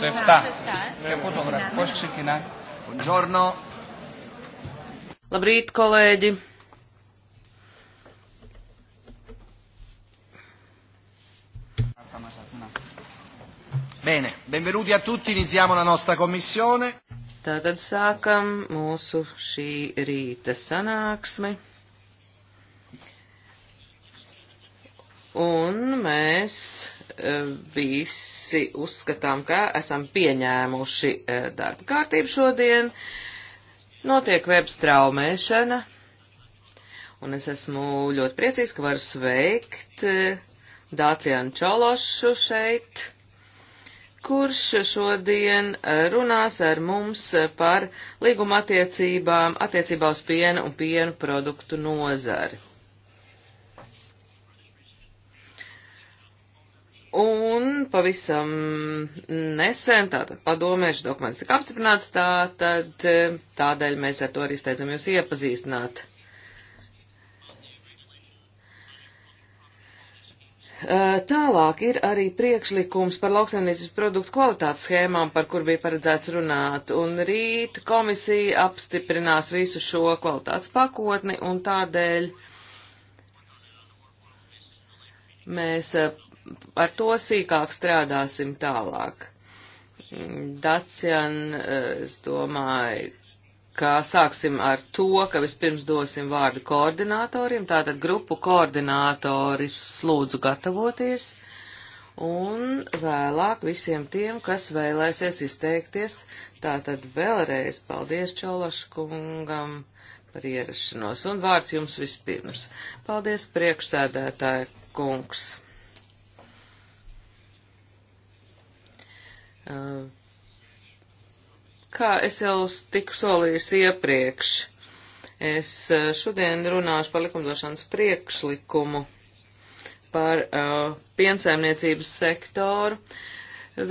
Το 7. Και πού το γράφει, πώς ξεκινά. Buongiorno. Labrīt, kolēģi! Bene, benvenuti a tutti, iniziamo la nostra commissione. Tātad sākam mūsu šī rīta sanāksmi. Un mēs Eh, visi uzskatām, ka esam pieņēmuši eh, darba kārtību šodien. Notiek web straumēšana, un es esmu ļoti priecīgs, ka varu sveikt eh, Dācijānu Čološu šeit kurš šodien runās ar mums par līguma attiecībām attiecībā uz pienu un pienu produktu nozari. Un pavisam nesen, tātad padomēšu dokuments tika apstiprināts, tātad e, tādēļ mēs ar to arī steidzam jūs iepazīstināt. E, tālāk ir arī priekšlikums par lauksaimniecības produktu kvalitātes schēmām, par kur bija paredzēts runāt, un rīt komisija apstiprinās visu šo kvalitātes pakotni, un tādēļ mēs e, ar to sīkāk strādāsim tālāk. Dacian, eh, es domāju, ka sāksim ar to, ka vispirms dosim vārdu koordinatoriem, tātad grupu koordinatori slūdzu gatavoties, un vēlāk visiem tiem, kas vēlēsies izteikties, tātad vēlreiz paldies Čološkungam par ierašanos, un vārds jums vispirms. Paldies priekšsēdētāja kungs. Kā es jau tiku solījis iepriekš, es šodien runāšu par likumdošanas priekšlikumu par uh, piensaimniecības sektoru.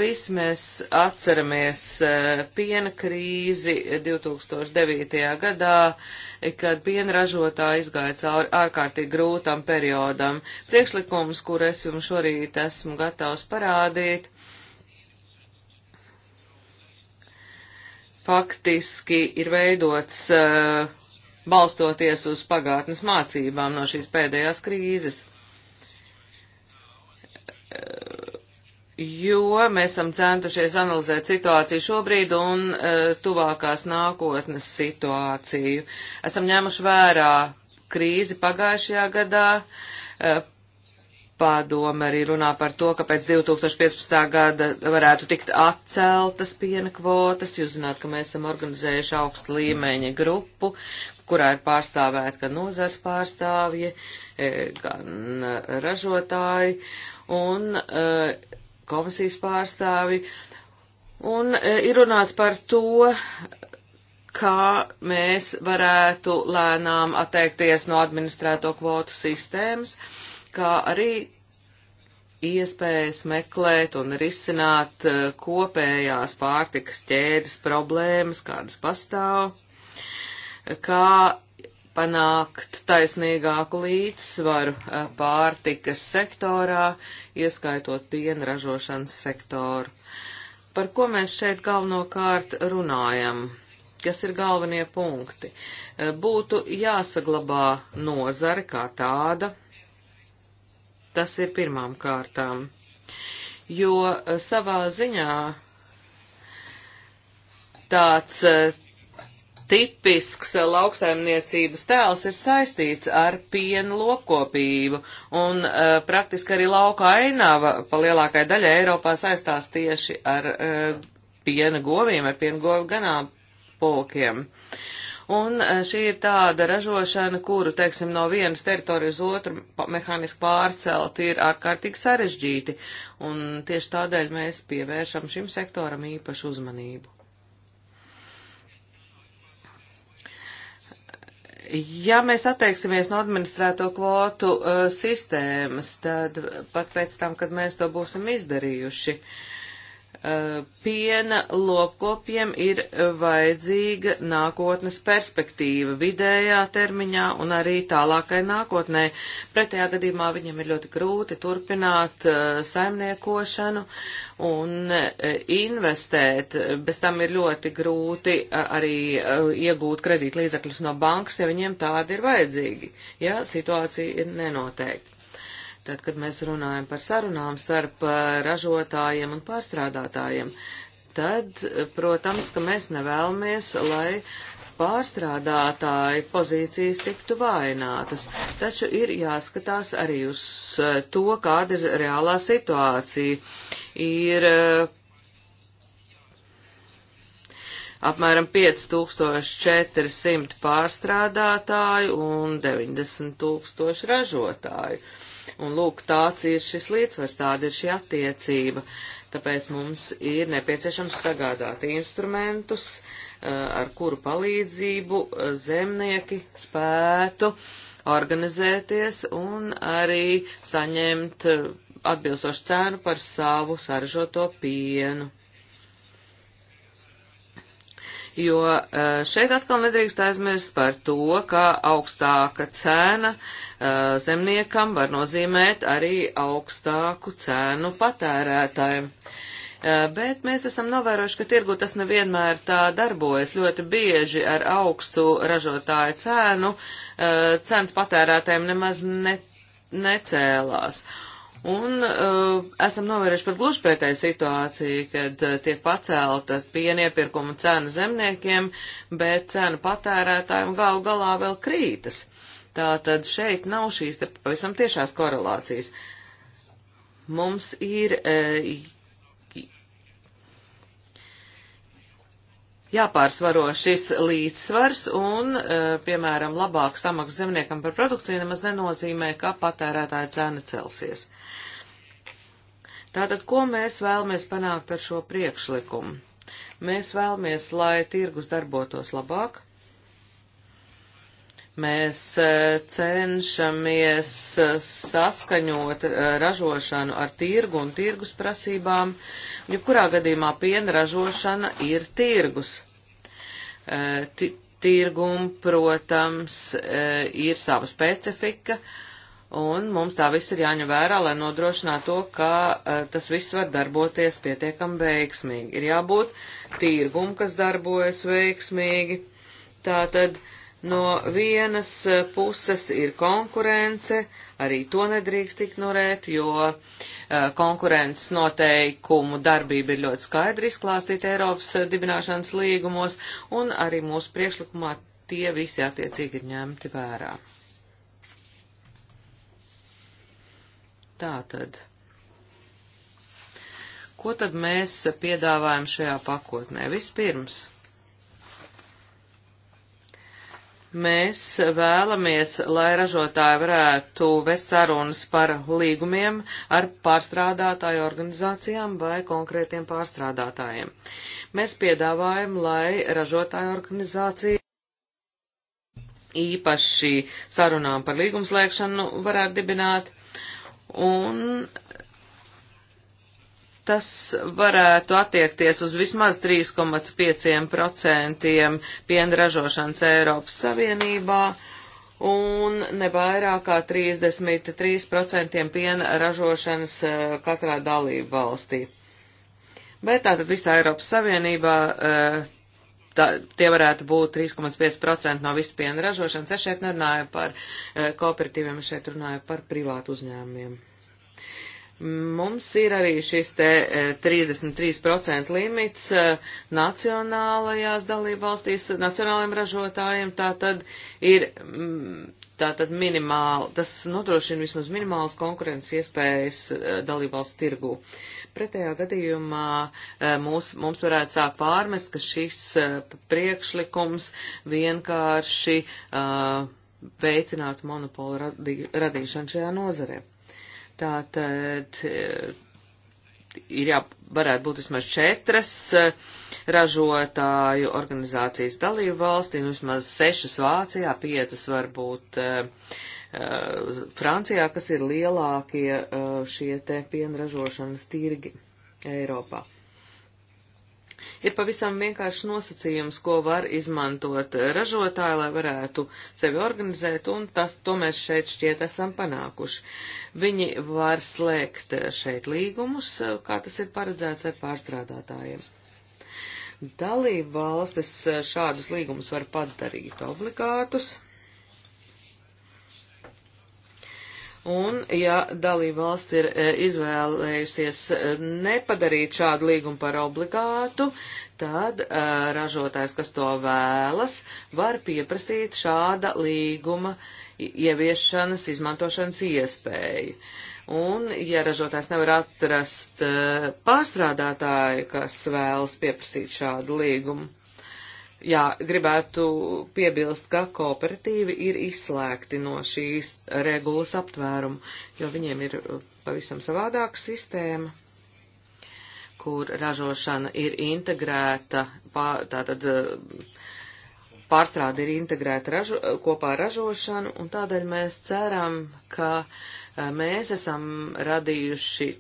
Visi mēs atceramies uh, piena krīzi 2009. gadā, kad piena ražotāji izgāja cauri ārkārtīgi grūtam periodam. Priekšlikums, kur es jums šorīt esmu gatavs parādīt, faktiski ir veidots uh, balstoties uz pagātnes mācībām no šīs pēdējās krīzes. Uh, jo mēs esam centušies analizēt situāciju šobrīd un uh, tuvākās nākotnes situāciju. Esam ņēmuši vērā krīzi pagājušajā gadā, uh, Padoma arī runā par to, ka pēc 2015. gada varētu tikt atceltas piena kvotas. Jūs zināt, ka mēs esam organizējuši augstu līmeņa grupu, kurā ir pārstāvēti gan nozars pārstāvji, e, gan e, ražotāji un e, komisijas pārstāvji. Un ir runāts par to, kā mēs varētu lēnām atteikties no administrēto kvotu sistēmas. Uh, kā arī iespējas meklēt un risināt eh, kopējās pārtikas ķēdes problēmas, kādas pastāv, kā panākt taisnīgāku līdzsvaru eh, pārtikas sektorā, ieskaitot piena ražošanas sektoru. Par ko mēs šeit galvenokārt runājam? Kas ir galvenie punkti? Eh, būtu jāsaglabā nozare kā tāda, Tas ir pirmām kārtām. Jo eh, savā ziņā tāds eh, tipisks eh, lauksaimniecības tēls ir saistīts ar pienu lopkopību, un uh, praktiski arī lauka ainava pa lielākai daļai Eiropā saistās tieši ar uh, piena goviem, ar piena govu ganām pulkiem. Uh, Un e, šī ir tāda ražošana, kuru, teiksim, no vienas teritorijas uz otru mehāniski pārcelt ir ārkārtīgi sarežģīti. Un tieši tādēļ mēs pievēršam šim sektoram īpašu uzmanību. ja mēs atteiksimies no administrēto kvotu uh, sistēmas, tad pat pēc tam, kad mēs to būsim izdarījuši, Eh, piena lopkopiem ir vajadzīga nākotnes perspektīva vidējā termiņā un arī tālākai nākotnē. Pretējā gadījumā viņiem ir ļoti grūti turpināt eh, saimniekošanu un eh, investēt. Bez tam ir ļoti grūti arī iegūt kredītlīdzekļus no bankas, ja viņiem tādi ir vajadzīgi, ja situācija ir nenoteikta tad, kad mēs runājam par sarunām starp eh, ražotājiem un pārstrādātājiem, tad, eh, protams, ka mēs nevēlamies, lai pārstrādātāji pozīcijas tiktu vainātas, taču ir jāskatās arī uz eh, to, kāda ir reālā situācija. Ir apmēram 5400 pārstrādātāju un 90 tūkstoši ražotāju. Un lūk, tāds ir šis līdzsvars, tāda ir šī attiecība. Tāpēc mums ir nepieciešams sagādāt instrumentus, eh, ar kuru palīdzību eh, zemnieki spētu organizēties un arī saņemt eh, atbilstošu cēnu par savu saražoto pienu jo eh, šeit atkal nedrīkst aizmirst par to, ka augstāka cena eh, zemniekam var nozīmēt arī augstāku cēnu patērētājiem. Eh, bet mēs esam novērojuši, ka tirgu tas nevienmēr tā darbojas. Ļoti bieži ar augstu ražotāju cēnu cenas patērētājiem nemaz ne, necēlās. Uh, Un uh, esam novērējuši pat gluži pretēju situāciju, kad uh, tiek pacelta piena iepirkuma cena zemniekiem, bet cena patērētājiem galu galā vēl krītas. Tātad šeit nav šīs te pavisam tiešās korelācijas. Mums ir uh, jāpārsvaro šis līdzsvars un, uh, piemēram, labāk samaks zemniekam par produkciju nemaz nenozīmē, ka patērētāja cena celsies. Tātad, ko mēs vēlamies panākt ar šo priekšlikumu? Mēs vēlamies, lai tirgus darbotos labāk. Mēs e, cenšamies e, saskaņot e, ražošanu ar tirgu un tirgus prasībām. Jebkurā gadījumā piena ražošana ir tirgus. T Tirgum, protams, ir sava specifika, uh, un mums tā viss ir jāņem vērā, lai nodrošinātu to, ka uh, tas viss var darboties pietiekami veiksmīgi. Ir jābūt tirgumu, kas darbojas veiksmīgi. Tātad no vienas e, puses ir konkurence, arī to nedrīkst ignorēt, jo uh, konkurences noteikumu darbība ir ļoti skaidri izklāstīta Eiropas dibināšanas līgumos, un arī mūsu priekšlikumā tie visi attiecīgi ir ņemti vērā. Tātad. Ko tad mēs piedāvājam šajā pakotnē? Vispirms, mēs vēlamies, lai ražotāji varētu vest sarunas par līgumiem ar pārstrādātāju organizācijām vai konkrētiem pārstrādātājiem. Mēs piedāvājam, lai ražotāju organizācija īpaši sarunām par līgumslēgšanu varētu dibināt un tas varētu attiekties uz vismaz 3,5% piena ražošanas Eiropas Savienībā un ne vairāk kā 33% piena ražošanas eh, katrā dalību valstī. Bet tātad visā Eiropas Savienībā eh, tā, tie varētu būt 3,5% no visas piena ražošanas. Es šeit nerunāju par e, kooperatīviem, es šeit runāju par privātu uzņēmumiem. Mums ir arī šis te e, 33% limits e, nacionālajās dalībvalstīs nacionālajiem ražotājiem, tā tad ir. Mm, Tātad minimāli, tas nodrošina vismaz minimālas konkurences iespējas eh, dalībvalsts tirgū. Pretējā gadījumā eh, mūs, mums varētu sākt pārmest, ka šis eh, priekšlikums vienkārši uh, veicinātu monopolu radī, radīšanu šajā nozarē. Tātad ir jā, varētu būt vismaz četras e, ražotāju organizācijas dalību valstī, nu vismaz sešas Vācijā, piecas varbūt e, e, Francijā, kas ir lielākie šie te pienražošanas tirgi Eiropā ir pavisam vienkārši nosacījums, ko var izmantot ražotāji, lai varētu sevi organizēt, un tas, to mēs šeit šķiet esam panākuši. Viņi var slēgt šeit līgumus, kā tas ir paredzēts ar pārstrādātājiem. Dalība valstis šādus līgumus var padarīt obligātus Un, ja dalība valsts ir e, izvēlējusies e, nepadarīt šādu līgumu par obligātu, tad e, ražotājs, kas to vēlas, var pieprasīt šāda līguma ieviešanas, izmantošanas iespēju. Un, ja ražotājs nevar atrast pārstrādātāju, kas vēlas pieprasīt šādu līgumu, Jā, gribētu piebilst, ka kooperatīvi ir izslēgti no šīs regulas aptvērumu, jo viņiem ir pavisam savādāka sistēma, kur ražošana ir integrēta, pār, tātad pārstrāde ir integrēta ražo, kopā ar ražošanu, un tādēļ mēs ceram, ka mēs esam radījuši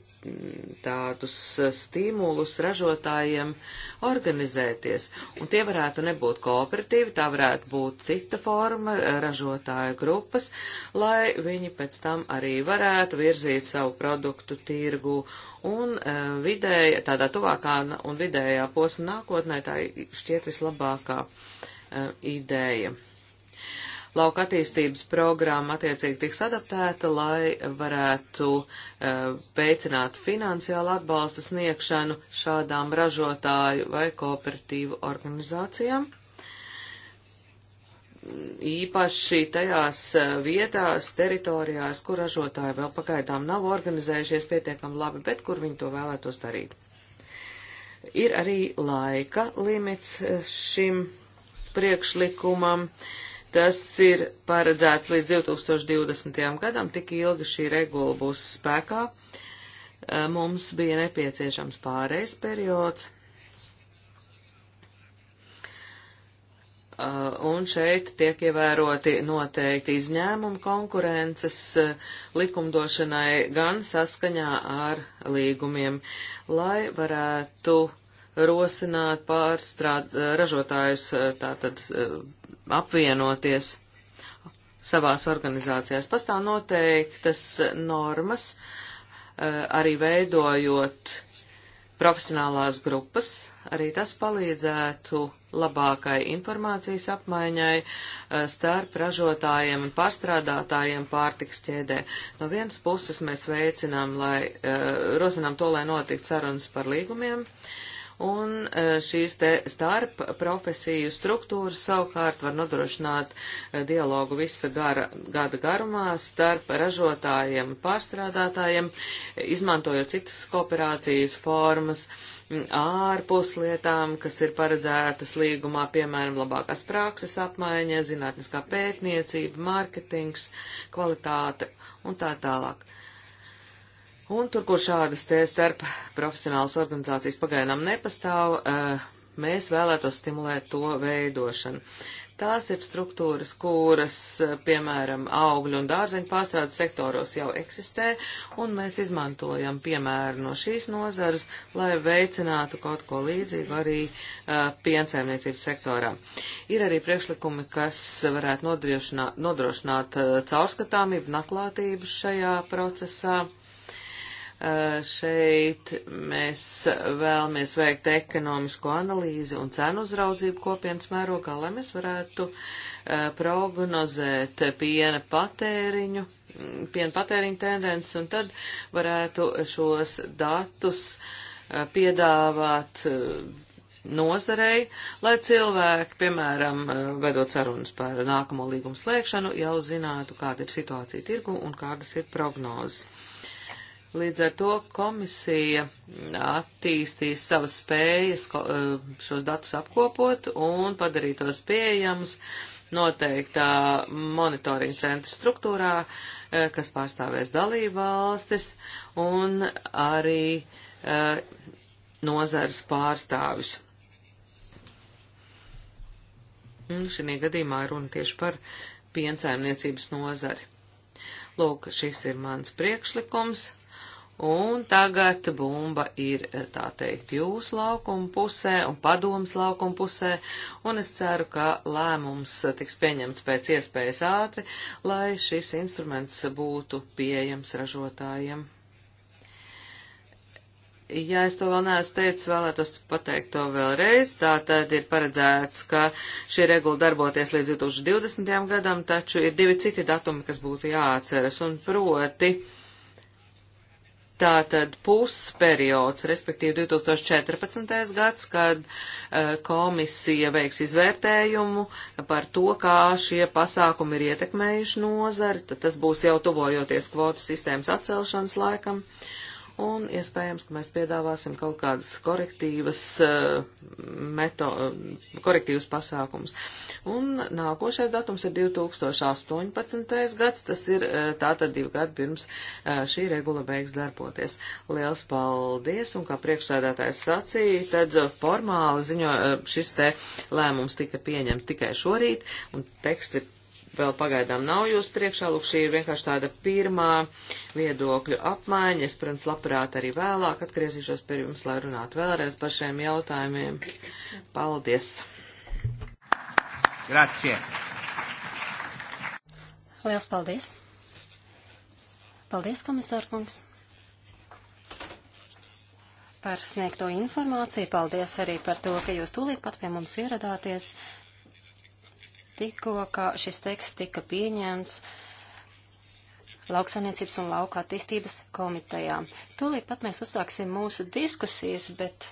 tādus eh, stimulus ražotājiem organizēties. Un tie varētu nebūt kooperatīvi, tā varētu būt cita forma eh, ražotāju grupas, lai viņi pēc tam arī varētu virzīt savu produktu tirgu un eh, vidēja, tādā tuvākā un vidējā posma nākotnē tā šķiet vislabākā ideja lauka attīstības programma attiecīgi tiks adaptēta, lai varētu eh, veicināt finansiālu atbalsta sniegšanu šādām ražotāju vai kooperatīvu organizācijām. Īpaši tajās eh, vietās, teritorijās, kur ražotāji vēl pagaidām nav organizējušies pietiekami labi, bet kur viņi to vēlētos darīt. Ir arī laika limits eh, šim priekšlikumam. Uh, Tas ir paredzēts līdz 2020. gadam, tik ilgi šī regula būs spēkā. Eh, mums bija nepieciešams pārejas periods. Eh, un šeit tiek ievēroti noteikti izņēmumi konkurences eh, likumdošanai gan saskaņā ar līgumiem, lai varētu rosināt pārstrād, ražotājus tātad apvienoties savās organizācijās. Pastāv noteiktas normas, eh, arī veidojot profesionālās grupas, arī tas palīdzētu labākai informācijas apmaiņai eh, starp ražotājiem un pārstrādātājiem pārtiks ķēdē. No vienas puses mēs veicinām, lai, eh, rosinām to, lai notiktu sarunas par līgumiem, uh, un e, šīs te starp profesiju struktūras savukārt var nodrošināt e, dialogu visa gara, gada garumā starp ražotājiem, pārstrādātājiem, izmantojot citas kooperācijas formas ārpus lietām, kas ir paredzētas līgumā, piemēram, labākās prakses apmaiņa, zinātniskā pētniecība, mārketings, kvalitāte un tā tālāk. Uh, Un tur, kur šādas te starp profesionālas organizācijas pagaidām nepastāv, eh, mēs vēlētos stimulēt to veidošanu. Tās ir struktūras, kuras, eh, piemēram, augļu un dārzeņu pārstrādes sektoros jau eksistē, un mēs izmantojam piemēru no šīs nozares, lai veicinātu kaut ko līdzīgu arī uh, piensaimniecības sektorā. Ir arī priekšlikumi, kas varētu nodrošināt, nodrošināt uh, caurskatāmību, naklātību šajā procesā. Eh, šeit mēs vēlamies veikt ekonomisko analīzi un cenu uzraudzību kopienas mērogā, lai mēs varētu eh, prognozēt piena patēriņu, mm, piena patēriņu tendences, un tad varētu šos datus eh, piedāvāt nozarei, lai cilvēki, piemēram, vedot sarunas par nākamo līgumu slēgšanu, jau zinātu, kāda ir situācija tirgu un kādas ir prognozes. Līdz ar to komisija attīstīs savas spējas eh, šos datus apkopot un padarīt tos pieejamus noteiktā monitoringa centra struktūrā, eh, kas pārstāvēs dalību valstis un arī eh, nozares pārstāvis. Un šī gadījumā runa tieši par piensaimniecības nozari. Lūk, šis ir mans priekšlikums Un tagad bumba ir, eh, tā teikt, jūsu laukuma pusē un padomas laukuma pusē, un es ceru, ka lēmums tiks pieņemts pēc iespējas ātri, lai šis instruments būtu pieejams ražotājiem. Ja es to vēl neesmu teicis, vēlētos pateikt to vēlreiz. Tā tad ir paredzēts, ka šī regula darboties līdz 2020. gadam, taču ir divi citi datumi, kas būtu jāatceras, un proti Tātad pusperiods, respektīvi 2014. gads, kad e, komisija veiks izvērtējumu par to, kā šie pasākumi ir ietekmējuši nozari, tad tas būs jau tuvojoties kvotu sistēmas atcelšanas laikam. Uh, un iespējams, ka mēs piedāvāsim kaut kādas korektīvas, eh, meto, eh, korektīvas pasākums. Un nākošais datums ir 2018. gads, tas ir eh, tātad divi gadi pirms šī regula beigs darboties. Liels paldies, un kā priekšsēdētājs sacīja, tad formāli ziņo, šis te lēmums tika pieņemts tikai šorīt, un teksts ir vēl pagaidām nav jūsu priekšā, lūk, šī ir vienkārši tāda pirmā viedokļu apmaiņa. Es, protams, labprāt arī vēlāk atgriezīšos pie jums, lai runātu vēlreiz par šiem jautājumiem. Paldies! Grazie! Liels paldies! Paldies, komisārkungs! Par sniegto informāciju, paldies arī par to, ka jūs tūlīt pat pie mums ieradāties tikko, ka šis teksts tika pieņemts lauksaimniecības un lauka attīstības komitejā. Tūlīt pat mēs uzsāksim mūsu diskusijas, bet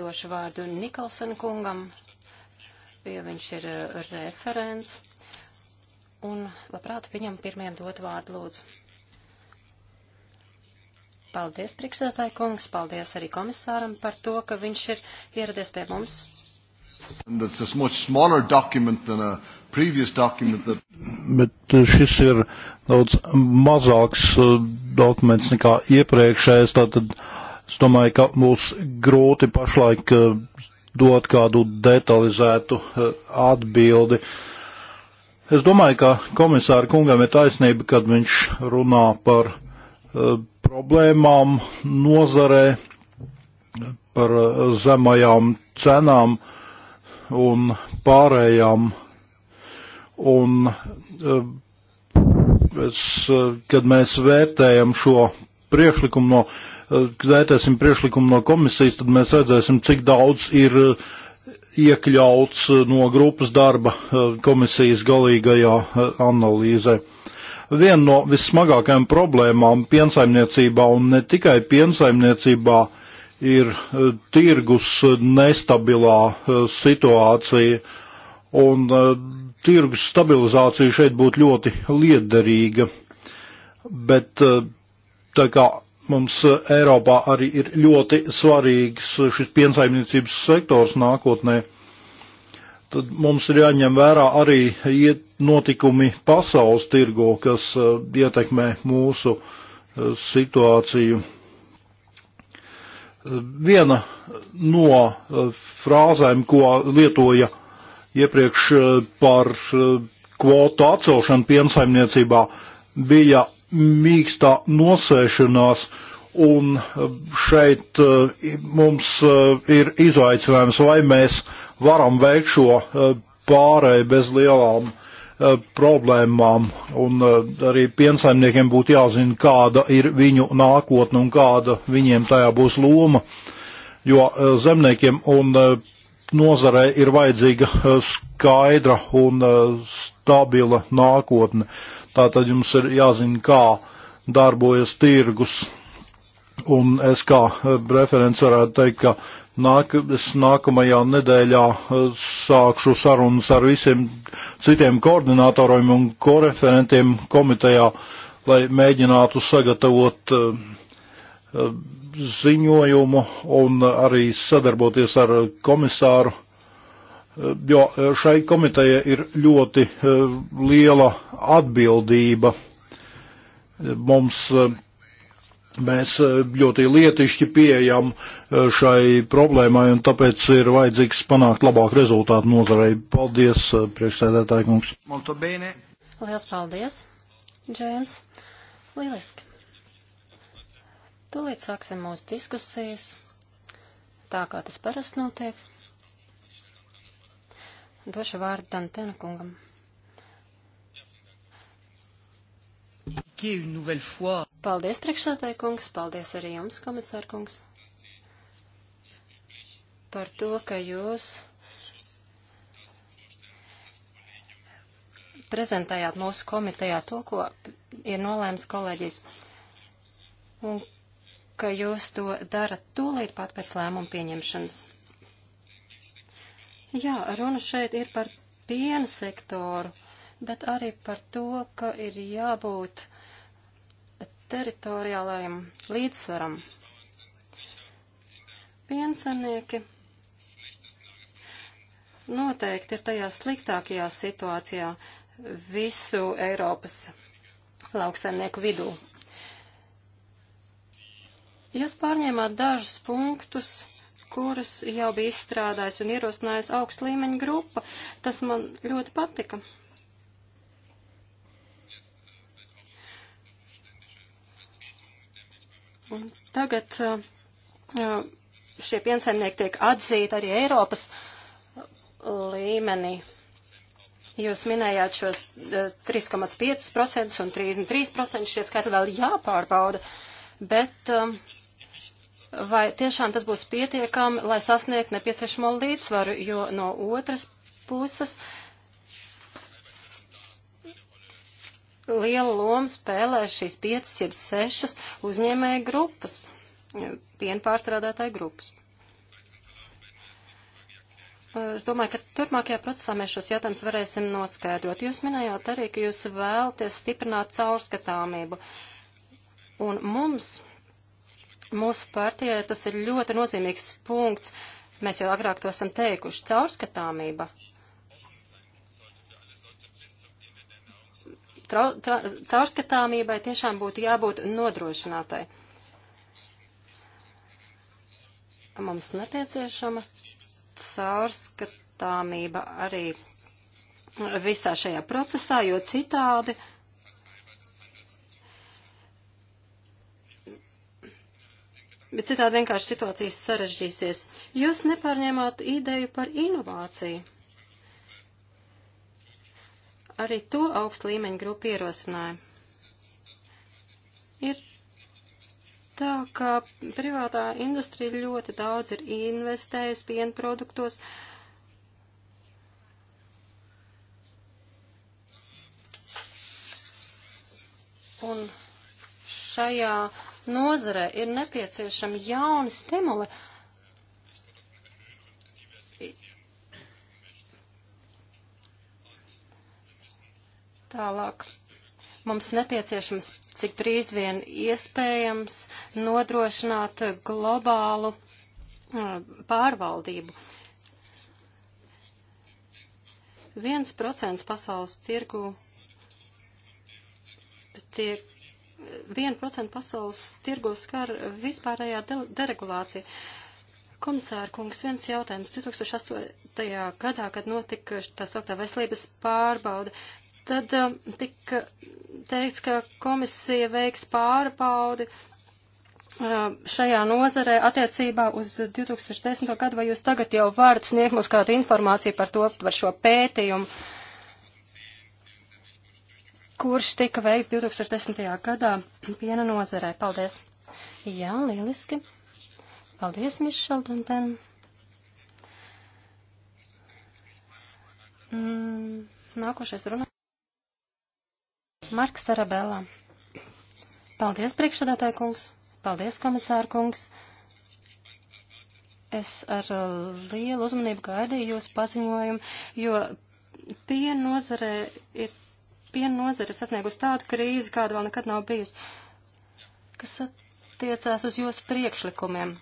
došu vārdu Nikolsen kungam, jo viņš ir uh, referents. Un labprāt viņam pirmajam dot vārdu lūdzu. Paldies, priekšsētāji kungs, paldies arī komisāram par to, ka viņš ir ieradies pie mums That... Bet uh, šis ir daudz mazāks uh, dokuments nekā iepriekšējais, tātad es domāju, ka būs grūti pašlaik uh, dot kādu detalizētu atbildi. Es domāju, ka komisāra kungam ir taisnība, kad viņš runā par problēmām nozarē, par zemajām cenām. Uh, un pārējām. Un eh, es, eh, kad mēs vērtējam šo priekšlikumu no, eh, vērtēsim priekšlikumu no komisijas, tad mēs redzēsim, cik daudz ir iekļauts no grupas darba komisijas galīgajā analīzē. Viena no vissmagākajām problēmām piensaimniecībā un ne tikai piensaimniecībā uh, ir e, tirgus nestabilā e, situācija, un e, tirgus stabilizācija šeit būtu ļoti liederīga. Bet tā kā mums Eiropā arī ir ļoti svarīgs šis piensaimniecības sektors nākotnē, tad mums ir jāņem vērā arī notikumi pasaules tirgo, kas ietekmē mūsu situāciju. Viena no eh, frāzēm, ko lietoja iepriekš eh, par eh, kvotu atcelšanu piensaimniecībā, bija mīkstā nosēšanās, un šeit mums ir izaicinājums, vai mēs varam veikt šo pārēju bez lielām uh, Eh, problēmām, un eh, arī piensaimniekiem būtu jāzina, kāda ir viņu nākotne un kāda viņiem tajā būs loma, jo eh, zemniekiem un nozarē ir vajadzīga skaidra un stabila nākotne. Tātad jums ir jāzina, kā darbojas tirgus. Un es kā referents varētu teikt, ka Nāk, es nākamajā nedēļā eh, sākšu sarunas ar visiem citiem koordinatoriem un koreferentiem komitejā, lai mēģinātu sagatavot eh, eh, ziņojumu un arī sadarboties ar komisāru, jo šai komiteja ir ļoti liela atbildība. Mums Mēs eh, ļoti lietišķi pieejam eh, šai problēmai, un tāpēc ir vajadzīgs panākt labāku rezultātu nozarei. Paldies, eh, priekšsēdētāji kungs. Lielas paldies, Džēms. Lieliski. Tūlīt sāksim mūsu diskusijas, tā kā tas parasti notiek. Došu vārdu Dantena kungam. Paldies, priekšsētāji kungs, paldies arī jums, komisār kungs, par to, ka jūs prezentējāt mūsu komitejā to, ko ir nolēms kolēģis, un ka jūs to darat tūlīt pat pēc lēmuma pieņemšanas. Jā, runa šeit ir par piena sektoru, bet arī par to, ka ir jābūt teritoriālajam līdzsvaram. Piensaimnieki noteikti ir tajā sliktākajā situācijā visu Eiropas lauksaimnieku vidū. Jūs pārņēmāt dažus punktus, kurus jau bija izstrādājis un ierosinājis augst līmeņa grupa. Tas man ļoti patika. Un tagad uh, uh, šie piensaimnieki tiek atzīti arī Eiropas uh, līmenī. Jūs minējāt šos 3,5% un 33%, šie skaitļi vēl jāpārbauda, bet um, vai tiešām tas būs pietiekami, lai sasniegt nepieciešamo līdzsvaru, jo no otras puses uh, lielu lomu spēlē šīs piecas, jeb sešas uzņēmēja grupas, pienpārstrādātāja grupas. Es domāju, ka turpmākajā procesā mēs šos jautājumus varēsim noskaidrot. Jūs minējāt arī, ka jūs vēlaties stiprināt caurskatāmību. Un mums, mūsu partijai, tas ir ļoti nozīmīgs punkts. Mēs jau agrāk to esam teikuši. Caurskatāmība tra, tra, caurskatāmībai tiešām būtu jābūt nodrošinātai. Mums nepieciešama caurskatāmība arī visā šajā procesā, jo citādi Bet citādi vienkārši situācijas sarežģīsies. Jūs nepārņēmāt ideju par inovāciju arī to augstu līmeņu grupu ierosināja. Ir tā, ka privātā industrija ļoti daudz ir investējusi piena produktos. Un šajā nozarē ir nepieciešami jauni stimuli, uh, Tālāk. Mums nepieciešams, cik drīz vien iespējams, nodrošināt globālu pārvaldību. Viens procents pasaules tirgu tiek 1% pasaules tirgu skar vispārējā de deregulācija. Komisāra kungs, viens jautājums. 2008. gadā, kad notika tā sauktā veselības pārbauda, Tad um, tika teikts, ka komisija veiks pārbaudi um, šajā nozarē attiecībā uz 2010. gadu, vai jūs tagad jau varat sniegt mums kādu informāciju par to, par šo pētījumu, kurš tika veikts 2010. gadā piena nozarē. Paldies! Jā, lieliski! Paldies, Mišel Danten! Mm, nākošais runā. Marks Tarabella. Paldies, priekšsēdētāja kungs. Paldies, komisāra kungs. Es ar lielu uzmanību gaidīju jūsu paziņojumu, jo piena nozare ir piena nozare sasniegusi tādu krīzi, kāda vēl nekad nav bijusi, kas attiecās uz jūsu priekšlikumiem.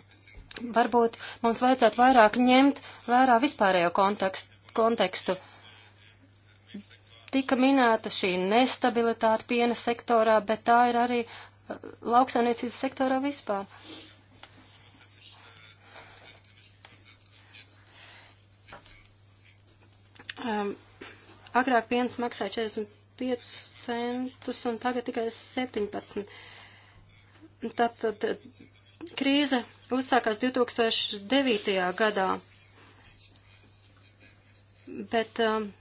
Varbūt mums vajadzētu vairāk ņemt vērā vispārējo kontekstu. kontekstu. Uh, tika minēta šī nestabilitāte piena sektorā, bet tā ir arī uh, lauksainiecības sektorā vispār. Um, agrāk piens maksāja 45 centus un tagad tikai 17. Tātad uh, krīze uzsākās 2009. gadā, bet um,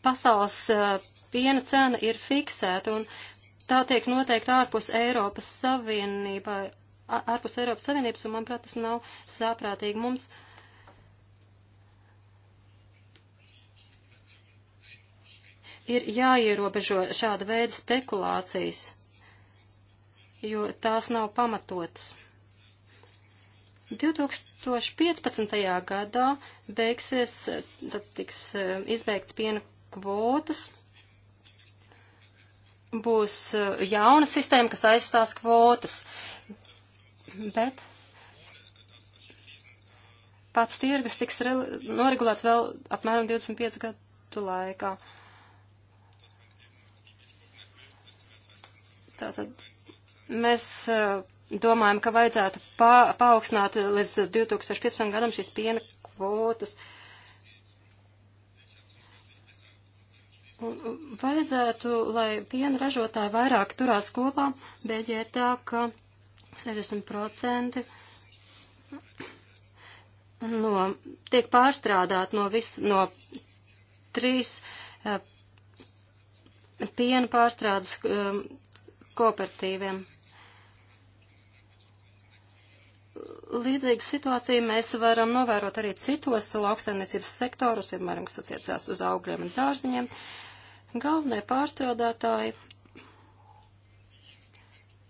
pasaules eh, piena cena ir fiksēta un tā tiek noteikta ārpus Eiropas Savienībā, ārpus Eiropas Savienības, un manuprāt, tas nav sāprātīgi mums. Ir jāierobežo šāda veida spekulācijas, jo tās nav pamatotas. 2015. gadā beigsies, tad tiks eh, izbeigts piena kvotas. Būs eh, jauna sistēma, kas aizstās kvotas. Bet pats tirgus tiks noregulēts vēl apmēram 25 gadu laikā. Tātad mēs eh, domājam, ka vajadzētu pa, paaugstināt līdz 2015 gadam šīs piena kvotas. Uh, Vajadzētu, lai piena ražotāji vairāk turās kopā, bet ja ir tā, ka 60% no, tiek pārstrādāt no, vis, no trīs uh, piena pārstrādes um, kooperatīviem. Līdzīgu situāciju mēs varam novērot arī citos lauksaimniecības sektoros, piemēram, kas attiecās uz augļiem un dārziņiem. Uh, Galvenie pārstrādātāji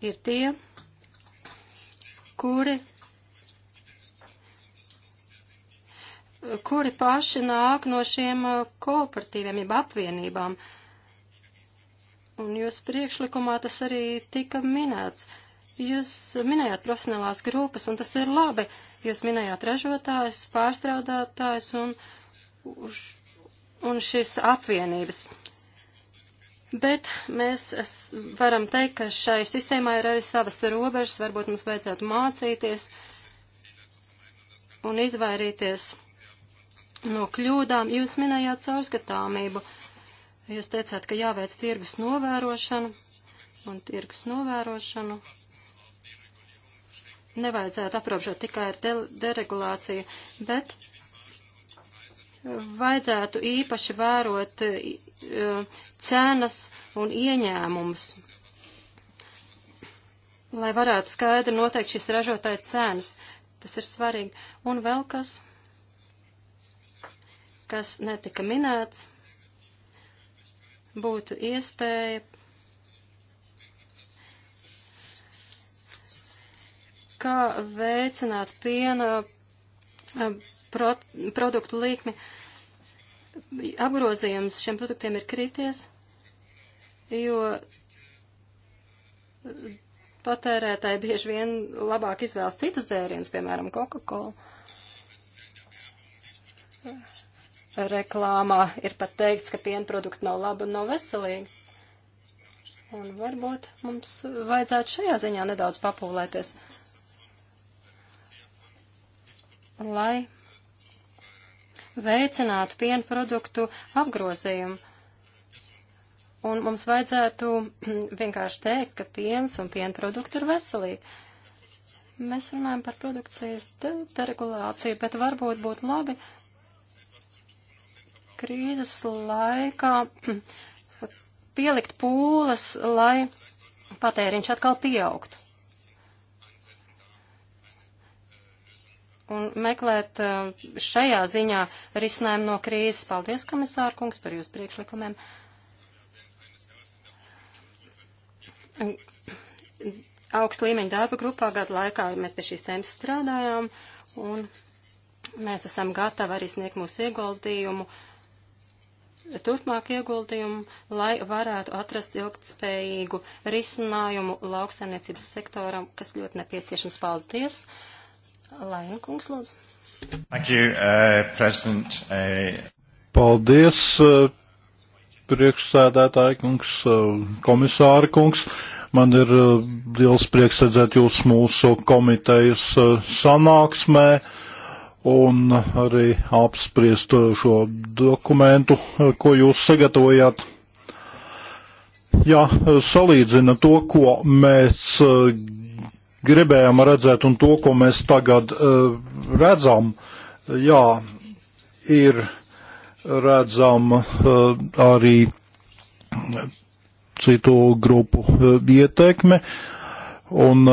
ir tie, kuri kuri paši nāk no šiem uh, kooperatīviem, jeb apvienībām. Un jūsu priekšlikumā tas arī tika minēts. Jūs minējāt profesionālās grupas, un tas ir labi. Jūs minējāt ražotājs, pārstrādātājs un, un šīs apvienības. Bet mēs varam teikt, ka šai sistēmai ir arī savas robežas, varbūt mums vajadzētu mācīties un izvairīties no kļūdām. Jūs minējāt caurskatāmību, jūs teicāt, ka jāveic tirgus novērošanu un tirgus novērošanu. Nevajadzētu aprobežot tikai ar de deregulāciju, bet vajadzētu īpaši vērot Eh, cenas un ieņēmumus, lai varētu skaidri noteikt šīs ražotāja cenas. Tas ir svarīgi. Un vēl kas, kas netika minēts, būtu iespēja kā veicināt piena eh, pro, produktu līkmi. Uh, apgrozījums šiem produktiem ir krities, jo patērētāji bieži vien labāk izvēlas citus dzērienus, piemēram, Coca-Cola. Reklāmā ir pat teikts, ka pienprodukti nav labi un nav veselīgi. Un varbūt mums vajadzētu šajā ziņā nedaudz papūlēties, lai veicinātu piena produktu apgrozējumu. Un mums vajadzētu vienkārši teikt, ka piens un piena produkti ir veselīgi. Mēs runājam par produkcijas deregulāciju, bet varbūt būtu labi krīzes laikā pielikt pūles, lai patēriņš atkal pieaugtu. un meklēt uh, šajā ziņā risinājumu no krīzes. Paldies, komisāra kungs, par jūsu priekšlikumiem. Augst līmeņa darba grupā gadu laikā mēs pie šīs tēmas strādājām, un mēs esam gatavi arī sniegt mūsu ieguldījumu, turpmāk ieguldījumu, lai varētu atrast ilgtspējīgu risinājumu lauksainiecības sektoram, kas ļoti nepieciešams. Paldies! Laina kungs, lūdzu. Thank you, uh, President. Uh... Paldies, uh, priekšsēdētāji kungs, uh, komisāri kungs. Man ir uh, liels prieks redzēt jūs mūsu komitejas uh, sanāksmē un arī apspriest uh, šo dokumentu, uh, ko jūs sagatavojāt. Ja uh, salīdzina to, ko mēs gribējām redzēt un to, ko mēs tagad uh, redzam, jā, ir redzama uh, e, arī citu grupu uh, e, ietekme. Un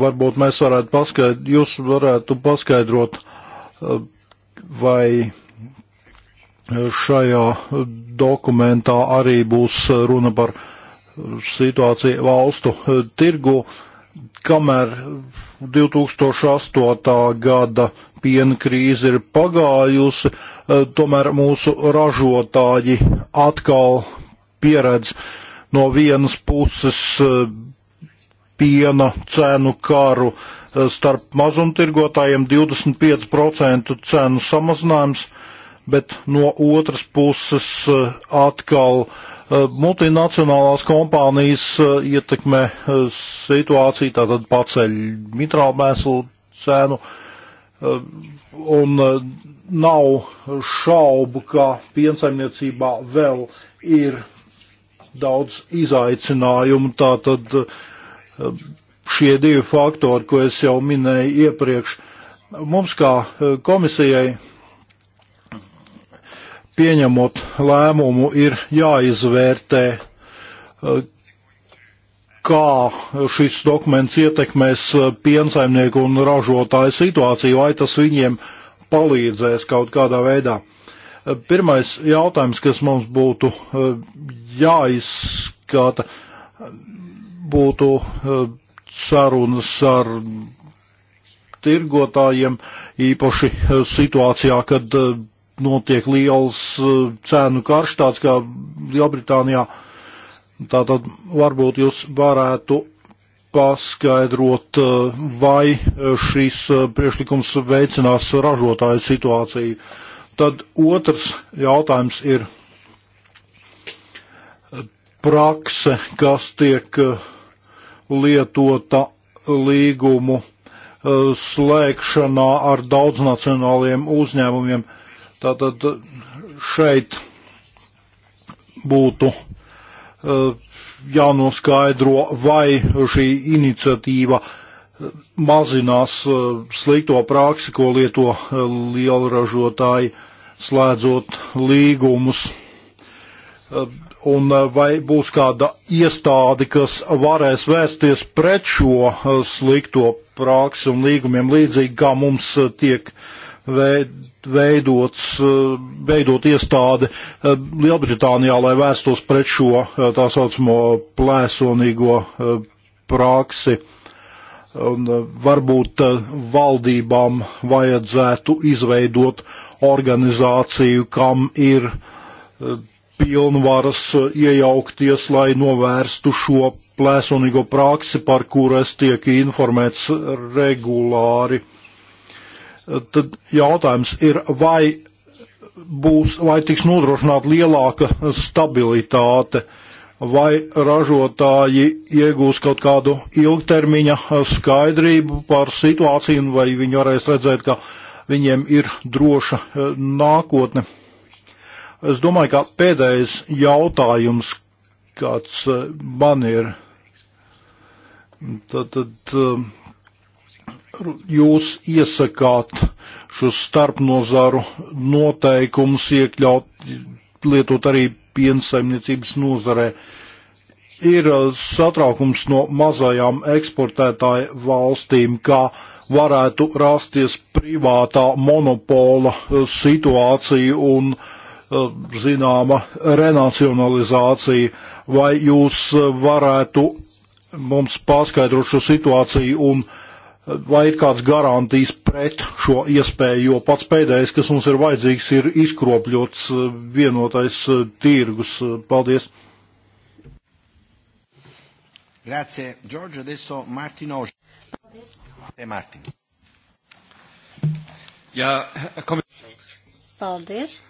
varbūt mēs varētu paskaidrot, jūs varētu paskaidrot, vai šajā dokumentā arī būs runa par situāciju valstu tirgu. Uh, kamēr 2008. gada piena krīze ir pagājusi, eh, tomēr mūsu ražotāji atkal pieredz no vienas puses eh, piena cenu karu eh, starp mazumtirgotājiem 25% cenu samazinājums, bet no otras puses atkal uh, Uh, multinacionālās kompānijas uh, ietekmē uh, situāciju, tātad paceļ mitrālu mēslu cenu, un nav šaubu, ka piensaimniecībā vēl ir daudz izaicinājumu, tātad šie divi faktori, ko es jau minēju iepriekš, mums kā komisijai pieņemot lēmumu, ir jāizvērtē, eh, kā šis dokuments ietekmēs eh, piensaimnieku un ražotāju situāciju, vai tas viņiem palīdzēs kaut kādā veidā. Eh, pirmais jautājums, kas mums būtu jāizskata, būtu sarunas ar tirgotājiem, īpaši situācijā, kad notiek liels eh, cēnu karš, tāds kā Lielbritānijā. Tātad varbūt jūs varētu paskaidrot, eh, vai eh, šīs priešlikums veicinās ražotāju situāciju. Tad otrs jautājums ir prakse, kas tiek lietota līgumu slēgšanā ar daudznacionāliem uzņēmumiem. Uh, Tātad šeit būtu e, jānoskaidro, vai šī iniciatīva e, mazinās e, slikto praksi, ko lieto lielražotāji, slēdzot līgumus, un vai būs kāda iestāde, kas varēs vērsties pret šo slikto praksi un līgumiem līdzīgi, kā mums tiek veidot veidots, eh, veidot iestādi eh, Lielbritānijā, lai vērstos pret šo eh, tā saucamo plēsonīgo praksi. Un varbūt valdībām vajadzētu izveidot organizāciju, kam ir pilnvaras iejaukties, lai novērstu šo plēsonīgo praksi, par kuru es tiek informēts regulāri. Uh, tad jautājums ir, vai būs, vai tiks nodrošināta lielāka stabilitāte, vai ražotāji iegūs kaut kādu ilgtermiņa skaidrību par situāciju, vai viņi varēs redzēt, ka viņiem ir droša eh, nākotne. Es domāju, ka pēdējais jautājums, kāds eh, man ir, tad, tad um, jūs iesakāt šos starpnozaru noteikumus iekļaut lietot arī piensaimniecības nozarē? Ir uh, satraukums no mazajām eksportētāju valstīm, kā varētu rasties privātā monopola uh, situācija un uh, zināma renacionalizācija, vai jūs varētu mums paskaidrot šo situāciju un uh, vai ir kāds garantijas pret šo iespēju, jo pats pēdējais, kas mums ir vajadzīgs, ir izkropļots eh, vienotais eh, tirgus. Eh, paldies! Grazie, Giorgio. Adesso Martin Oži. Paldies. Te Martin. Jā, kom... Paldies.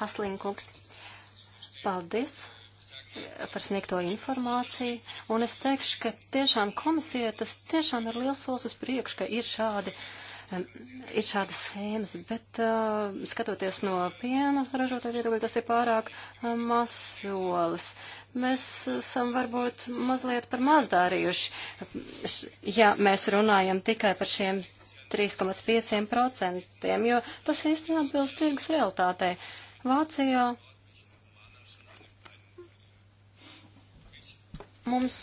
Haslīnkungs. Paldies par sniegto informāciju, un es teikšu, ka tiešām komisija tas tiešām ir liels solis uz priekšu, ka ir šādi. Ir šādas schēmas, bet uh, skatoties no piena ražotāja viedokļa, tas ir pārāk uh, mazs solis. Mēs esam varbūt mazliet par maz darījuši, ja mēs runājam tikai par šiem 3,5%, jo tas īstenībā atbilst tirgus realitātei. Vācijā Mums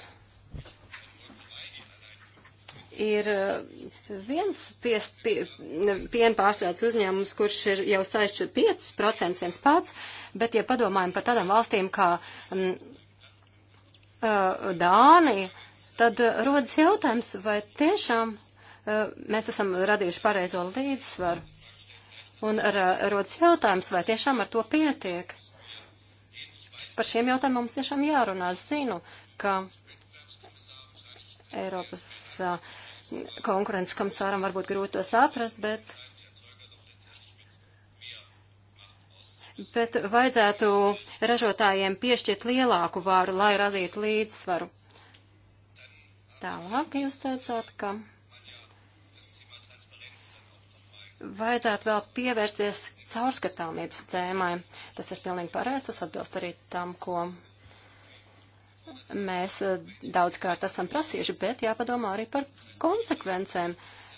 ir eh, viens piest, pie, piena pārstrādes uzņēmums, kurš ir jau saišķi 5% viens pats, bet ja padomājam par tādām valstīm kā m, mm, eh, Dānija, tad eh, rodas jautājums, vai tiešām mēs esam radījuši pareizo līdzsvaru. Un ar, rodas jautājums, vai tiešām ar to pietiek. Par šiem jautājumiem mums tiešām jārunā. Es zinu, ka Eiropas konkurences komisāram varbūt grūti to saprast, bet, bet vajadzētu ražotājiem piešķirt lielāku vāru, lai radītu līdzsvaru. Tālāk jūs teicāt, ka vajadzētu vēl pievērsties caurskatāmības tēmai. Tas ir pilnīgi pareizi, tas atbilst arī tam, ko mēs eh, daudzkārt esam prasījuši, bet jāpadomā arī par konsekvencēm,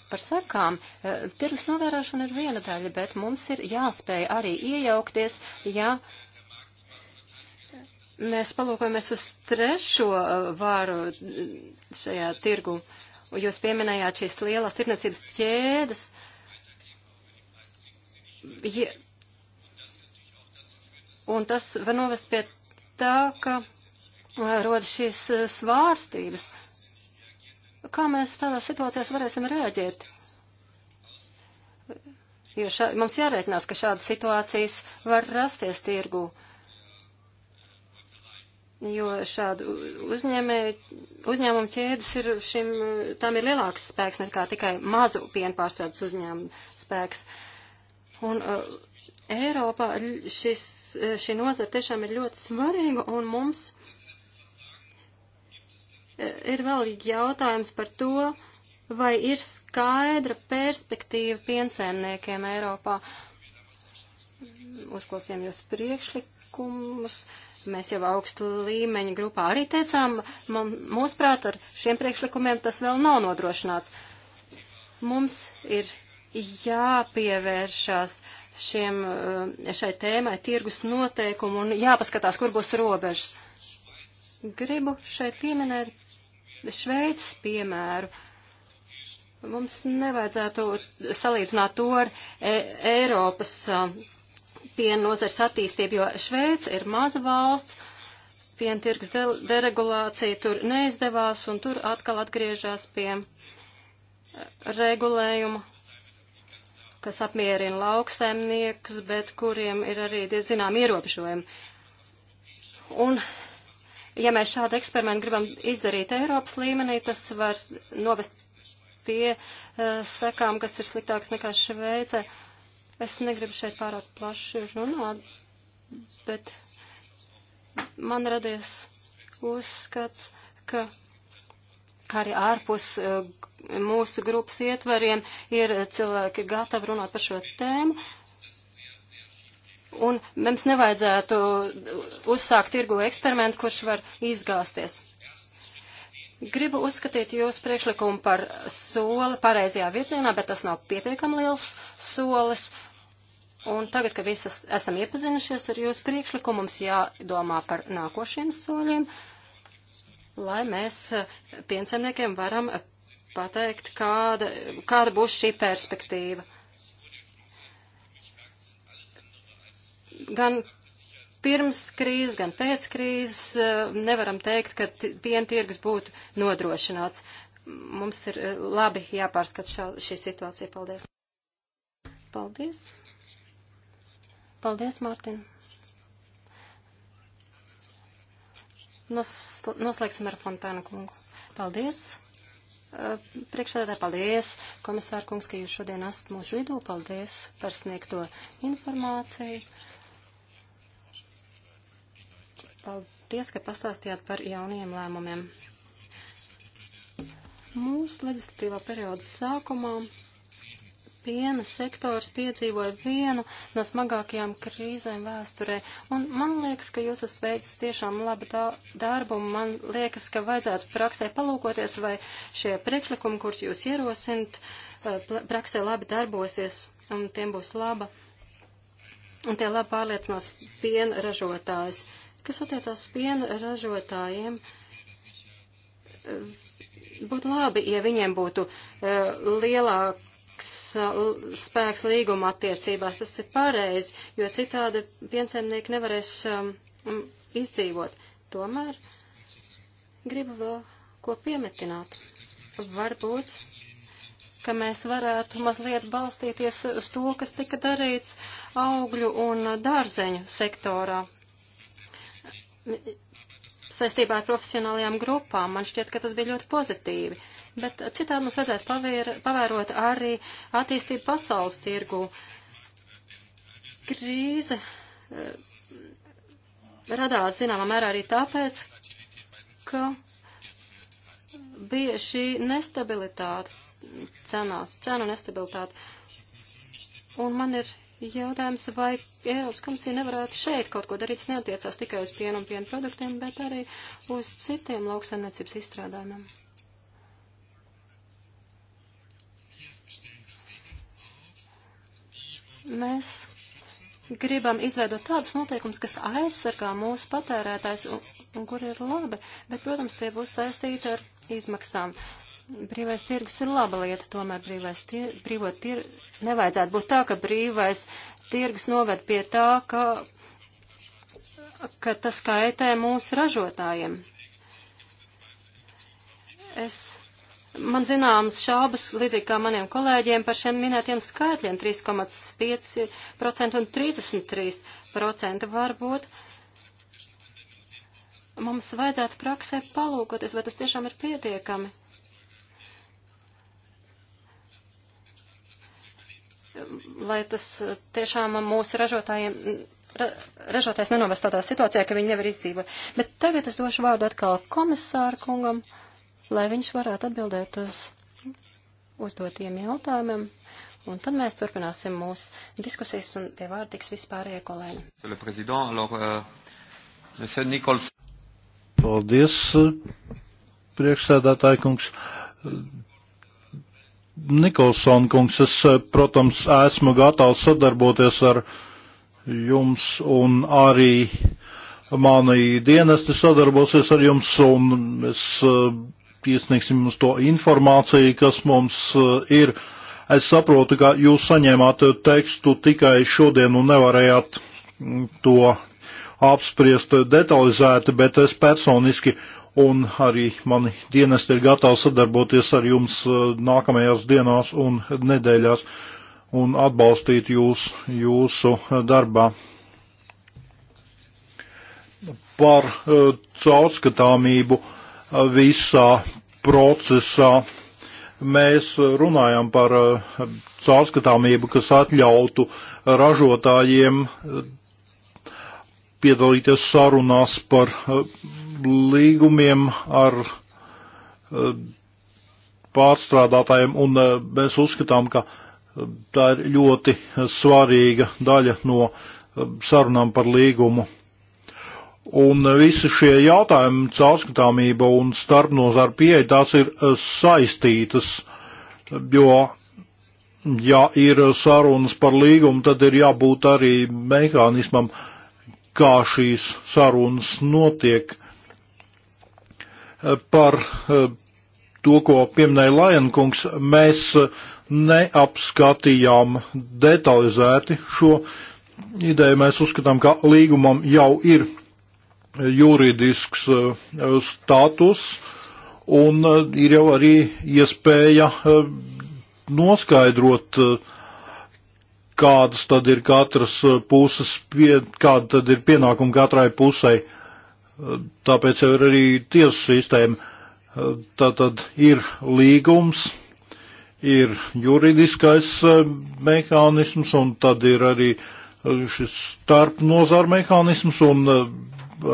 par sakām. Eh, tirgus novērošana ir viena daļa, bet mums ir jāspēj arī iejaukties, ja mēs palūkojamies uz trešo eh, vāru šajā tirgu. Jūs pieminējāt šīs lielās tirnacības ķēdes. Ja, un tas var novest pie tā, ka rodas šīs eh, svārstības. Kā mēs tādās situācijās varēsim rēģēt? Jo šā, mums jārēķinās, ka šādas situācijas var rasties tirgu, jo šādu uzņēmē, uzņēmumu ķēdes ir šim, tam ir lielāks spēks nekā tikai mazu pienpārstrādes uzņēmumu spēks. Un uh, Eiropā šis, eh, šī nozara tiešām ir ļoti svarīga, un mums ir vēl jautājums par to, vai ir skaidra perspektīva piensēmniekiem Eiropā. Uzklausījām jūs priekšlikumus. Mēs jau augstu līmeņa grupā arī teicām, man, mūsuprāt, ar šiem priekšlikumiem tas vēl nav nodrošināts. Mums ir jāpievēršās šiem, eh, šai tēmai tirgus noteikumu un jāpaskatās, kur būs robežas. Gribu šeit pieminēt Šveices piemēru. Mums nevajadzētu salīdzināt to ar e Eiropas piena nozars attīstību, jo Šveica ir maza valsts, piena tirgus de deregulācija tur neizdevās, un tur atkal atgriežas pie regulējuma, kas apmierina lauksaimniekus, bet kuriem ir arī, zinām, ierobežojumi. Un ja mēs šādu eksperimentu gribam izdarīt Eiropas līmenī, tas var novest pie uh, sekām, kas ir sliktākas nekā Šveicē. Es negribu šeit pārāk plaši runāt, bet man radies uzskats, ka arī ārpus uh, mūsu grupas ietvariem ir cilvēki gatavi runāt par šo tēmu. Uh, un mums nevajadzētu uzsākt tirgu eksperimentu, kurš var izgāzties. Gribu uzskatīt jūsu priekšlikumu par soli pareizajā virzienā, bet tas nav pietiekam liels solis. Un tagad, ka visas esam iepazinušies ar jūsu priekšlikumu, mums jādomā par nākošiem soļiem, lai mēs eh, piensaimniekiem varam pateikt, kāda, kāda būs šī perspektīva. gan pirms krīzes, gan pēc krīzes eh, nevaram teikt, ka piena tirgus būtu nodrošināts. Mums ir eh, labi jāpārskat šā, šī situācija. Paldies. Paldies. Paldies, Mārtiņ. Nos, noslēgsim ar Fontānu kungu. Paldies. Eh, priekšsēdētāji, paldies, komisāra kungs, ka jūs šodien esat mūsu vidū. Paldies par sniegto informāciju. Paldies, ka pastāstījāt par jaunajiem lēmumiem. Mūsu leģislatīvā perioda sākumā piena sektors piedzīvoja vienu no smagākajām krīzēm vēsturē. Un man liekas, ka jūs esat veicis tiešām labu dā darbu, un man liekas, ka vajadzētu praksē palūkoties, vai šie priekšlikumi, kurus jūs ierosinat, praksē labi darbosies, un tiem būs laba. Un tie labi pārliecinās piena ražotājs. Uh, Kas attiecās piena ražotājiem, būtu labi, ja viņiem būtu eh, lielāks eh, spēks līguma attiecībās. Tas ir pareizi, jo citādi piensaimnieki nevarēs ehm, izdzīvot. Tomēr gribu vēl ko piemetināt. Varbūt ka mēs varētu mazliet balstīties uz to, kas tika darīts augļu un dārzeņu sektorā saistībā ar profesionālajām grupām. Man šķiet, ka tas bija ļoti pozitīvi. Bet citādi mums vajadzētu pavēr, pavērot arī attīstību pasaules tirgu. Krīze eh, radās zināmā mērā arī tāpēc, ka bija šī nestabilitāte cenās, cenu nestabilitāte. Un man ir Jautājums, vai Eiropas komisija nevarētu šeit kaut ko darīt, neatiecās tikai uz pienu un pienu produktiem, bet arī uz citiem lauksaimniecības izstrādājumiem. Mēs gribam izveidot tādus noteikumus, kas aizsargā mūsu patērētājs un, un kur ir labi, bet, protams, tie būs saistīti ar izmaksām. Uh, Brīvais tirgus ir laba lieta, tomēr brīvais tir, brīvo tir, nevajadzētu būt tā, ka brīvais tirgus noved pie tā, ka, ka tas kaitē mūsu ražotājiem. Es, man zināmas šaubas, līdzīgi kā maniem kolēģiem, par šiem minētiem skaitļiem 3,5% un 33% varbūt. Mums vajadzētu praksē palūkoties, vai tas tiešām ir pietiekami. lai tas eh, tiešām mūsu ražotājiem, ra, ražotājs nenovest tādā situācijā, ka viņi nevar izdzīvot. Bet tagad es došu vārdu atkal komisāru kungam, lai viņš varētu atbildēt uz uzdotiem jautājumiem. Un tad mēs turpināsim mūsu diskusijas un tie vārdi tiks vispārējie kolēģi. Euh, Paldies, priekšsēdētāji kungs. Nikolson kungs, es, eh, protams, esmu gatavs sadarboties ar jums un arī mani dienesti sadarbosies ar jums un mēs eh, iesniegsim jums to informāciju, kas mums eh, ir. Es saprotu, ka jūs saņēmāt tekstu tikai šodien un nevarējāt mm, to apspriest detalizēti, bet es personiski un arī mani dienesti ir gatavi sadarboties ar jums eh, nākamajās dienās un nedēļās un atbalstīt jūs jūsu darbā. Par eh, caurskatāmību eh, visā procesā mēs runājam par caurskatāmību, kas atļautu ražotājiem piedalīties sarunās par līgumiem ar eh, pārstrādātājiem, un eh, mēs uzskatām, ka eh, tā ir ļoti svarīga daļa no sarunām par līgumu. Un visi šie jautājumi, caurskatāmība un starpnozaru pieeja, tās ir saistītas, jo, ja ir sarunas par līgumu, tad ir jābūt arī mehānismam, kā šīs sarunas notiek par eh, to, ko pieminēja Lajankungs, mēs eh, neapskatījām detalizēti šo ideju. Mēs uzskatām, ka līgumam jau ir eh, juridisks status un ir jau arī iespēja noskaidrot, kādas tad ir katras puses, pie, kāda tad ir pienākuma katrai pusei. Uh, tāpēc jau ir arī tiesu sistēma. Tātad ir līgums, ir juridiskais eh, mehānisms, un tad ir arī eh, šis starp nozāru mehānisms, un eh,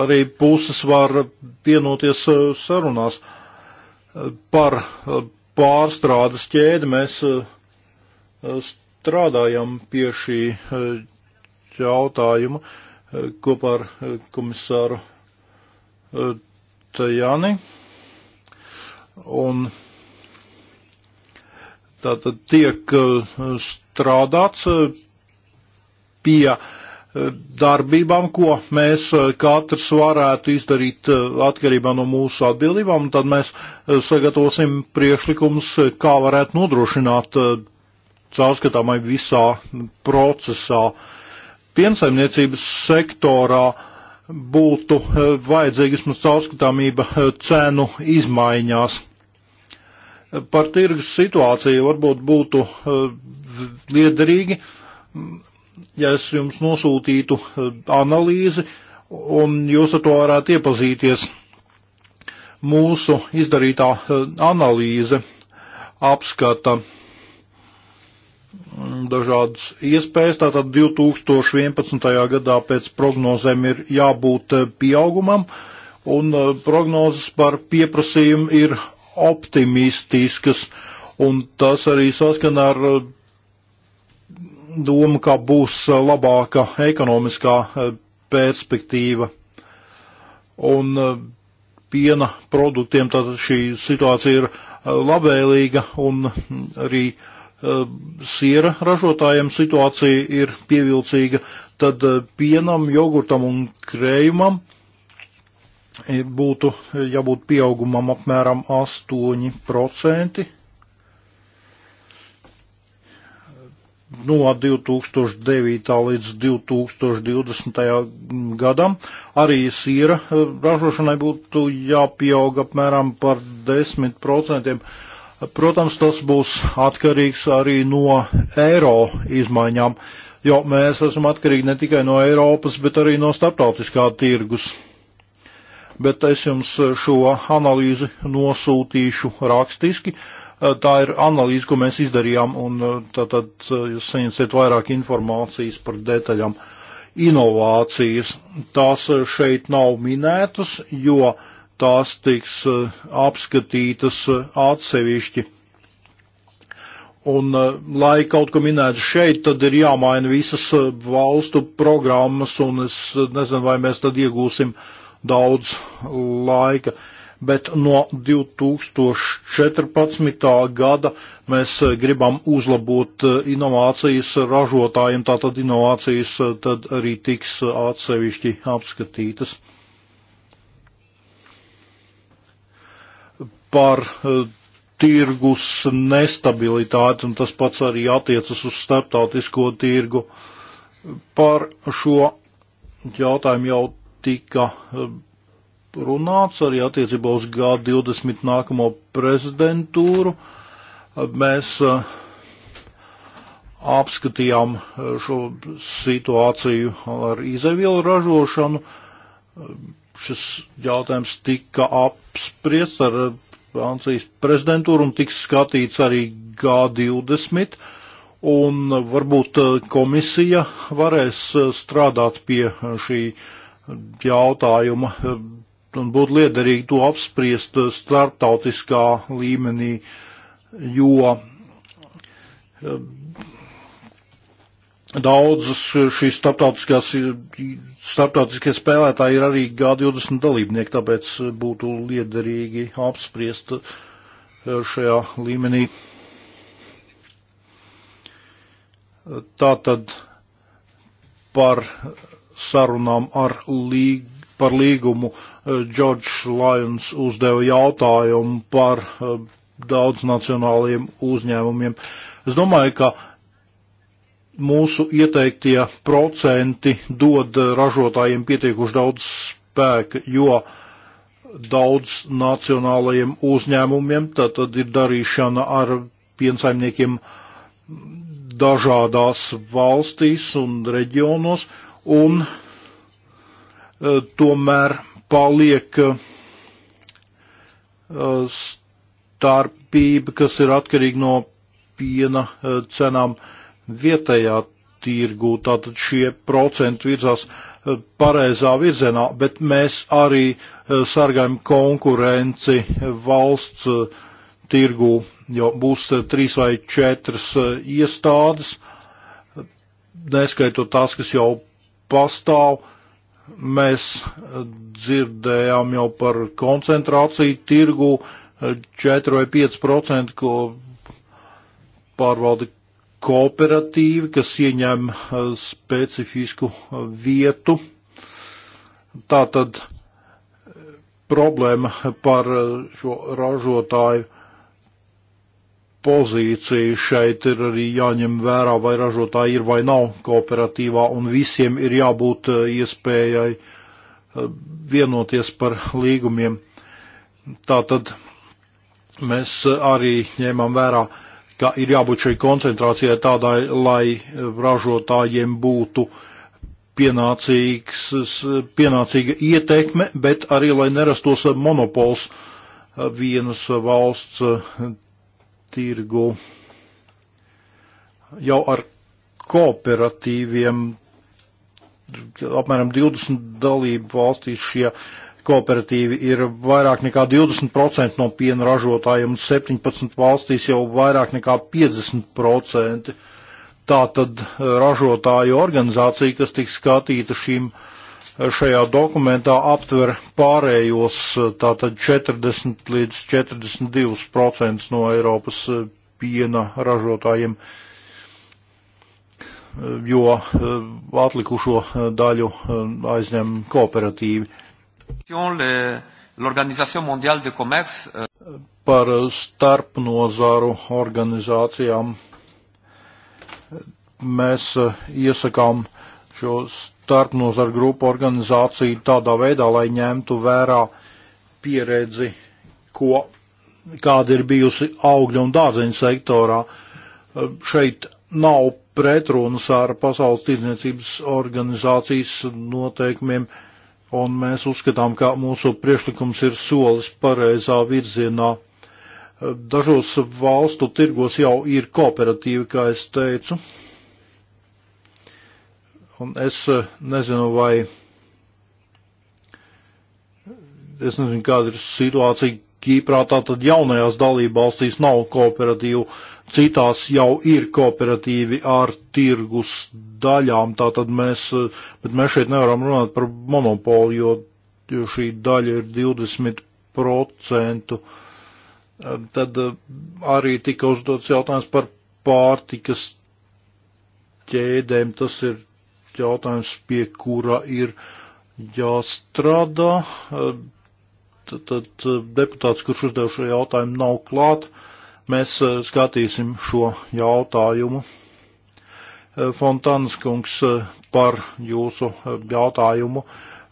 arī puses var vienoties sarunās par pārstrādes ķēdi. Mēs strādājam pie šī jautājuma kopā ar komisāru Tajani. Un tātad tiek strādāts pie darbībām, ko mēs katrs varētu izdarīt atkarībā no mūsu atbildībām, un tad mēs sagatavosim priekšlikumus, kā varētu nodrošināt caurskatāmai visā procesā. Piensaimniecības sektorā uh, būtu eh, vajadzīga vismaz caurskatāmība eh, cenu izmaiņās. Eh, par tirgus situāciju varbūt būtu liederīgi, mm, ja es jums nosūtītu analīzi un jūs ar to varētu iepazīties. Mūsu izdarītā analīze apskata Mm, dažādas iespējas. Tātad 2011. gadā pēc prognozēm ir jābūt eh, pieaugumam, un eh, prognozes par pieprasījumu ir optimistiskas, un tas arī saskana ar eh, domu, ka būs labāka ekonomiskā perspektīva. Un piena produktiem tātad šī situācija ir labvēlīga un mm, arī uh, Eh, siera ražotājiem situācija ir pievilcīga, tad eh, pienam, jogurtam un krējumam eh, būtu jābūt pieaugumam apmēram 8%. Nu, no 2009. līdz 2020. gadam. Arī sīra ražošanai būtu jāpieaug apmēram par 10%. Protams, tas būs atkarīgs arī no eiro izmaiņām, jo mēs esam atkarīgi ne tikai no Eiropas, bet arī no starptautiskā tirgus. Bet es jums šo analīzi nosūtīšu rakstiski. Tā ir analīze, ko mēs izdarījām, un uh, tātad uh, jūs saņemsiet vairāk informācijas par detaļām. Inovācijas tās uh, šeit nav minētas, jo uh, tās tiks eh, apskatītas eh, atsevišķi. Un, eh, lai kaut ko minētu šeit, tad ir jāmaina visas valstu programmas, un es nezinu, vai mēs tad iegūsim daudz laika. Bet no 2014. gada mēs gribam uzlabot inovācijas ražotājiem, tātad inovācijas tad arī tiks atsevišķi apskatītas. par eh, tirgus nestabilitāti, un tas pats arī attiecas uz starptautisko tirgu. Par šo jautājumu jau tika eh, runāts arī attiecībā uz G20 nākamo prezidentūru. Eh, mēs apskatījām šo situāciju ar izēvielu ražošanu. Šis jautājums tika apspriests ar Francijas prezidentūru un tiks skatīts arī G20. Un varbūt eh, komisija varēs eh, strādāt pie eh, šī jautājuma un būtu liederīgi to apspriest starptautiskā līmenī, jo Daudzas šīs starptautiskās, starptautiskie spēlētāji ir arī G20 dalībnieki, tāpēc būtu liederīgi apspriest eh, šajā līmenī. Tātad par sarunām ar līg, par līgumu eh, George Lyons uzdeva jautājumu par eh, daudznacionāliem uzņēmumiem. Es domāju, ka mūsu ieteiktie procenti dod ražotājiem pietiekuši daudz spēka, jo daudz nacionālajiem uzņēmumiem tātad ir darīšana ar piensaimniekiem dažādās valstīs un reģionos, un e, tomēr paliek e, starpība, kas ir atkarīga no piena e, cenām. Uh, vietējā tirgū. Tātad šie procenti virzās eh, pareizā virzienā, bet mēs arī eh, sargājam konkurenci valsts eh, tirgū, jo būs trīs vai četras iestādes, neskaitot tās, kas jau pastāv. Mēs dzirdējām jau par koncentrāciju tirgu 4 vai 5 procentu, ko pārvalda kooperatīvi, kas ieņem eh, specifisku eh, vietu. Tātad eh, problēma par šo ražotāju pozīciju šeit ir arī jāņem vērā, vai ražotāji ir vai nav kooperatīvā, un visiem ir jābūt iespējai vienoties par līgumiem. Tātad mēs arī ņēmām vērā uh, ka ir jābūt šai koncentrācijai tādai, lai ražotājiem būtu pienācīga ietekme, bet arī, lai nerastos monopols vienas valsts eh, tirgu. Jau ar kooperatīviem apmēram 20 dalību valstīs šie uh, kooperatīvi ir vairāk nekā 20% no piena ražotājiem, un 17 valstīs jau vairāk nekā 50%. Tā tad ražotāju organizācija, kas tiks skatīta šīm, eh, šajā dokumentā, aptver pārējos eh, tātad 40 līdz 42% no Eiropas eh, piena ražotājiem, jo atlikušo daļu aizņem kooperatīvi. Eh, Par starpnozaru organizācijām mēs eh, iesakām šo starpnozaru grupu organizāciju tādā veidā, lai ņemtu vērā pieredzi, ko, kāda ir bijusi augļu un dārzeņu sektorā. Eh, šeit nav pretrunas ar Pasaules tirdzniecības organizācijas noteikumiem. Uh, un mēs uzskatām, ka mūsu priekšlikums ir solis pareizā virzienā. Dažos valstu tirgos jau ir kooperatīvi, kā es teicu. Un es eh, nezinu, vai. Es nezinu, kāda ir situācija Kīprā. Tātad jaunajās dalībvalstīs nav kooperatīvu, Citās jau ir kooperatīvi ar tirgus daļām, tātad mēs, bet mēs šeit nevaram runāt par monopolu, jo, jo šī daļa ir 20%. Tad eh, arī tika uzdots jautājums par pārtikas ķēdēm. Tas ir jautājums, pie kura ir jāstrādā. Eh, tad, tad eh, deputāts, kurš uzdev šo jautājumu, nav klāt mēs eh, skatīsim šo jautājumu. Eh, Fontāns kungs eh, par jūsu jautājumu.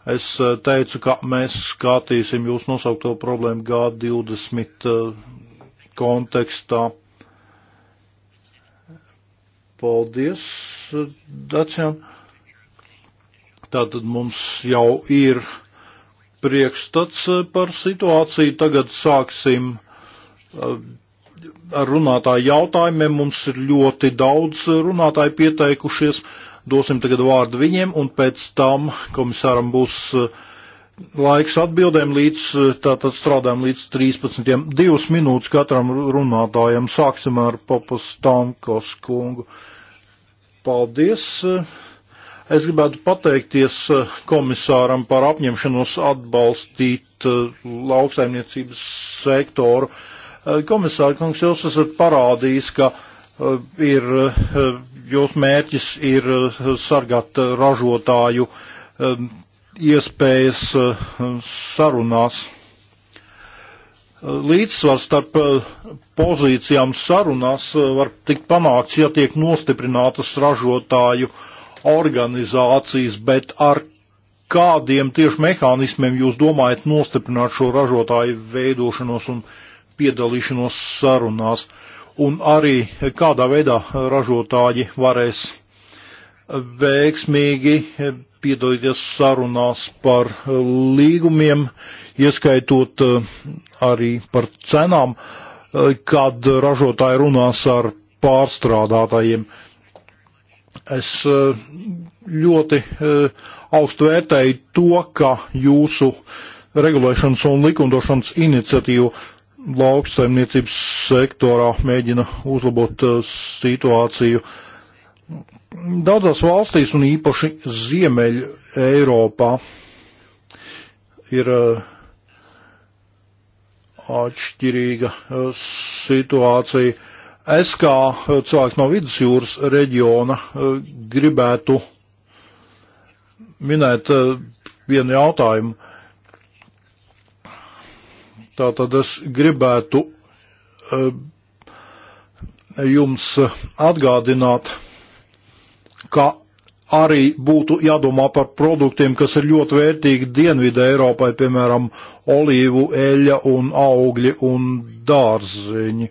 Es teicu, ka mēs skatīsim jūs nosaukto problēmu G20 kontekstā. Paldies, Dacian. Tātad mums jau ir priekšstats par situāciju. Tagad sāksim ar runātāju jautājumiem. Mums ir ļoti daudz runātāju pieteikušies. Dosim tagad vārdu viņiem, un pēc tam komisāram būs eh, laiks atbildēm līdz, eh, tātad strādājam līdz 13. Divas minūtes katram runātājam. Sāksim ar papas Tankos kungu. Paldies! Es gribētu pateikties eh, komisāram par apņemšanos atbalstīt lauksaimniecības sektoru. Uh, Eh, Komisāra kungs, jūs esat parādījis, ka eh, ir, eh, jūs mērķis ir sargāt ražotāju iespējas sarunās. Līdzsvars starp pozīcijām sarunās var tikt panākts, ja tiek nostiprinātas ražotāju organizācijas, bet ar kādiem tieši mehānismiem jūs domājat nostiprināt šo ražotāju veidošanos un veidošanos? piedalīšanos sarunās, un arī kādā veidā ražotāji varēs veiksmīgi piedalīties sarunās par līgumiem, ieskaitot eh, arī par cenām, eh, kad ražotāji runās ar pārstrādātājiem. Es eh, ļoti augstu vērtēju to, ka jūsu regulēšanas un likumdošanas iniciatīvu lauksaimniecības sektorā mēģina uzlabot uh, situāciju. Daudzās valstīs un īpaši Ziemeļ Eiropā ir uh, atšķirīga uh, situācija. Es kā cilvēks no vidusjūras reģiona gribētu minēt vienu jautājumu Tātad es gribētu eh, jums eh, atgādināt, ka arī būtu jādomā par produktiem, kas ir ļoti vērtīgi Dienvidē Eiropai, piemēram, olīvu, eļļa un augļi un dārziņi.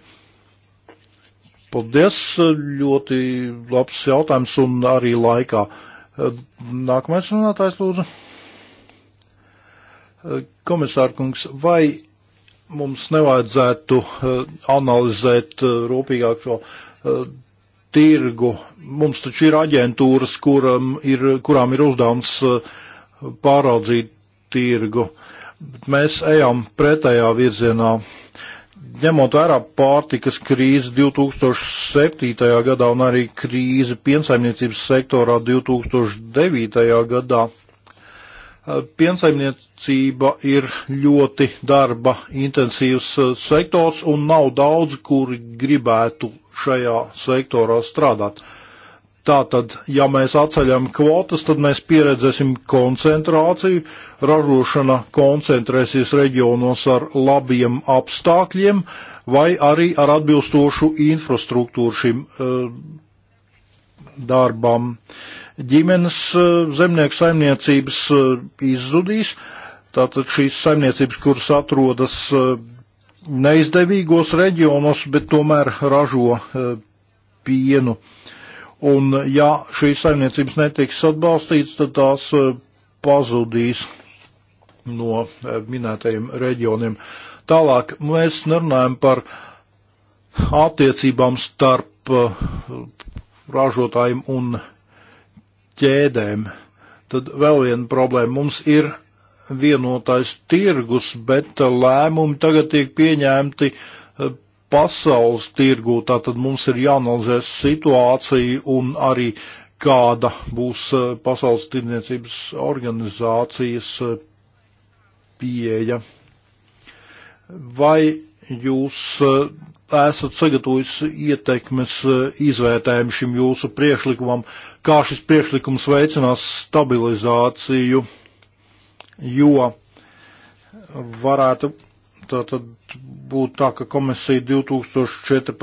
Paldies, ļoti labs jautājums un arī laikā. Nākamais runātājs lūdzu. Komisārkungs, vai mums nevajadzētu eh, analizēt eh, rūpīgāk šo eh, tirgu. Mums taču ir aģentūras, kuram ir, kurām ir uzdevums pāraudzīt tirgu. Mēs ejam pretējā virzienā. Ņemot vērā pārtikas krīzi 2007. gadā un arī krīzi piensaimniecības sektorā 2009. gadā, Eh, piensaimniecība ir ļoti darba intensīvs eh, sektors un nav daudz, kuri gribētu šajā sektorā strādāt. Tātad, ja mēs atceļam kvotas, tad mēs pieredzēsim koncentrāciju, ražošana koncentrēsies reģionos ar labiem apstākļiem vai arī ar atbilstošu infrastruktūru šim uh, darbam. Uh, ģimenes eh, zemnieku saimniecības eh, izzudīs. Tātad šīs saimniecības, kuras atrodas eh, neizdevīgos reģionos, bet tomēr ražo pienu. Un ja šīs saimniecības netiks atbalstīts, tad tās pazudīs no minētajiem reģioniem. Tālāk mēs nerunājam par attiecībām starp ražotājiem un ķēdēm. Tad vēl viena problēma. Mums ir vienotais tirgus, bet lēmumi tagad tiek pieņemti eh, pasaules tirgū. Tātad mums ir jāanalizē situācija un arī kāda būs eh, pasaules tirdzniecības organizācijas eh, pieeja. Vai jūs esat sagatavojis ieteikmes eh, izvērtējumu šim jūsu priekšlikumam, kā šis priekšlikums veicinās stabilizāciju, jo varētu tā tad būt tā, ka komisija 2014.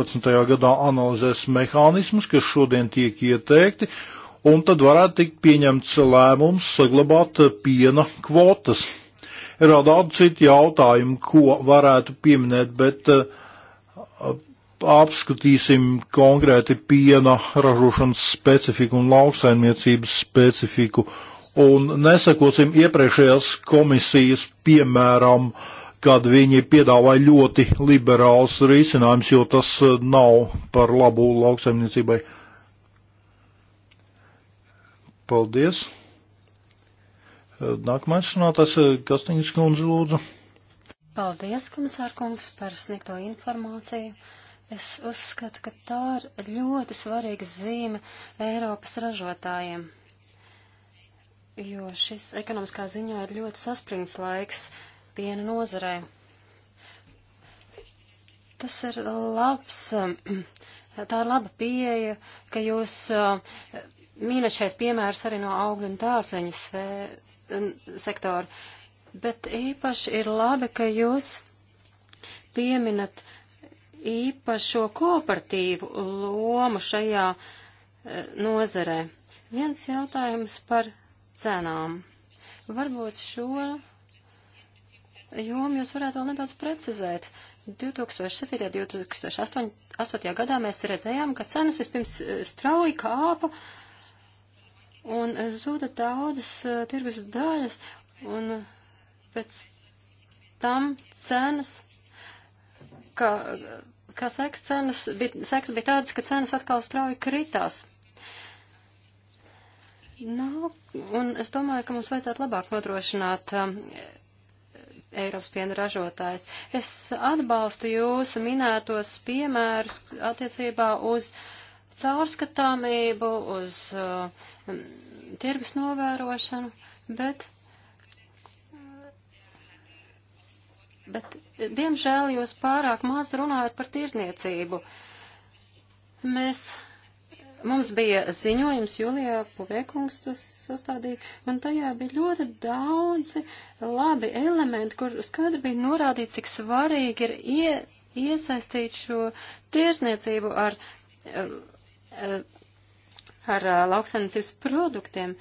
gadā analizēs mehānismus, kas šodien tiek ieteikti, un tad varētu tikt pieņemts lēmums saglabāt piena kvotas. Ir vēl daudz citu jautājumu, ko varētu pieminēt, bet uh, apskatīsim konkrēti piena ražošanas specifiku un lauksaimniecības specifiku un nesakosim iepriekšējās komisijas piemēram, kad viņi piedāvāja ļoti liberāls risinājums, jo tas eh, nav par labu lauksaimniecībai. Paldies. Eh, nākamais runātājs eh, Kastiņas kundze lūdzu. Paldies, komisārkungs, par sniegto informāciju. Es uzskatu, ka tā ir ļoti svarīga zīme Eiropas ražotājiem, jo šis ekonomiskā ziņā ir ļoti saspringts laiks piena nozarē. Tas ir labs, tā ir laba pieeja, ka jūs uh, mīnat šeit piemērs arī no augļu un dārzeņu sektora, bet īpaši ir labi, ka jūs pieminat īpašo kooperatīvu lomu šajā eh, nozarē. Viens jautājums par cenām. Varbūt šo jomu jūs varētu vēl nedaudz precizēt. 2007. un 2008. gadā mēs redzējām, ka cenas vispirms eh, strauji kāpa un eh, zuda daudzas tirgus daļas, un pēc tam cenas, ka kā seks, cenas, bija, seks bija tādas, ka cenas atkal strauji kritās. Nav, un es domāju, ka mums vajadzētu labāk nodrošināt um, Eiropas piena ražotājs. Es atbalstu jūsu minētos piemērus attiecībā uz caurskatāmību, uz uh, tirgus novērošanu, bet, bet Diemžēl jūs pārāk maz runājat par tirniecību. Mēs mums bija ziņojums Julijā Puvēkungs tas sastādīja, un tajā bija ļoti daudzi labi elementi, kur skaidri bija norādīts, cik svarīgi ir ie, iesaistīt šo tirzniecību ar, um, uh, ar, ar uh, lauksainicības produktiem.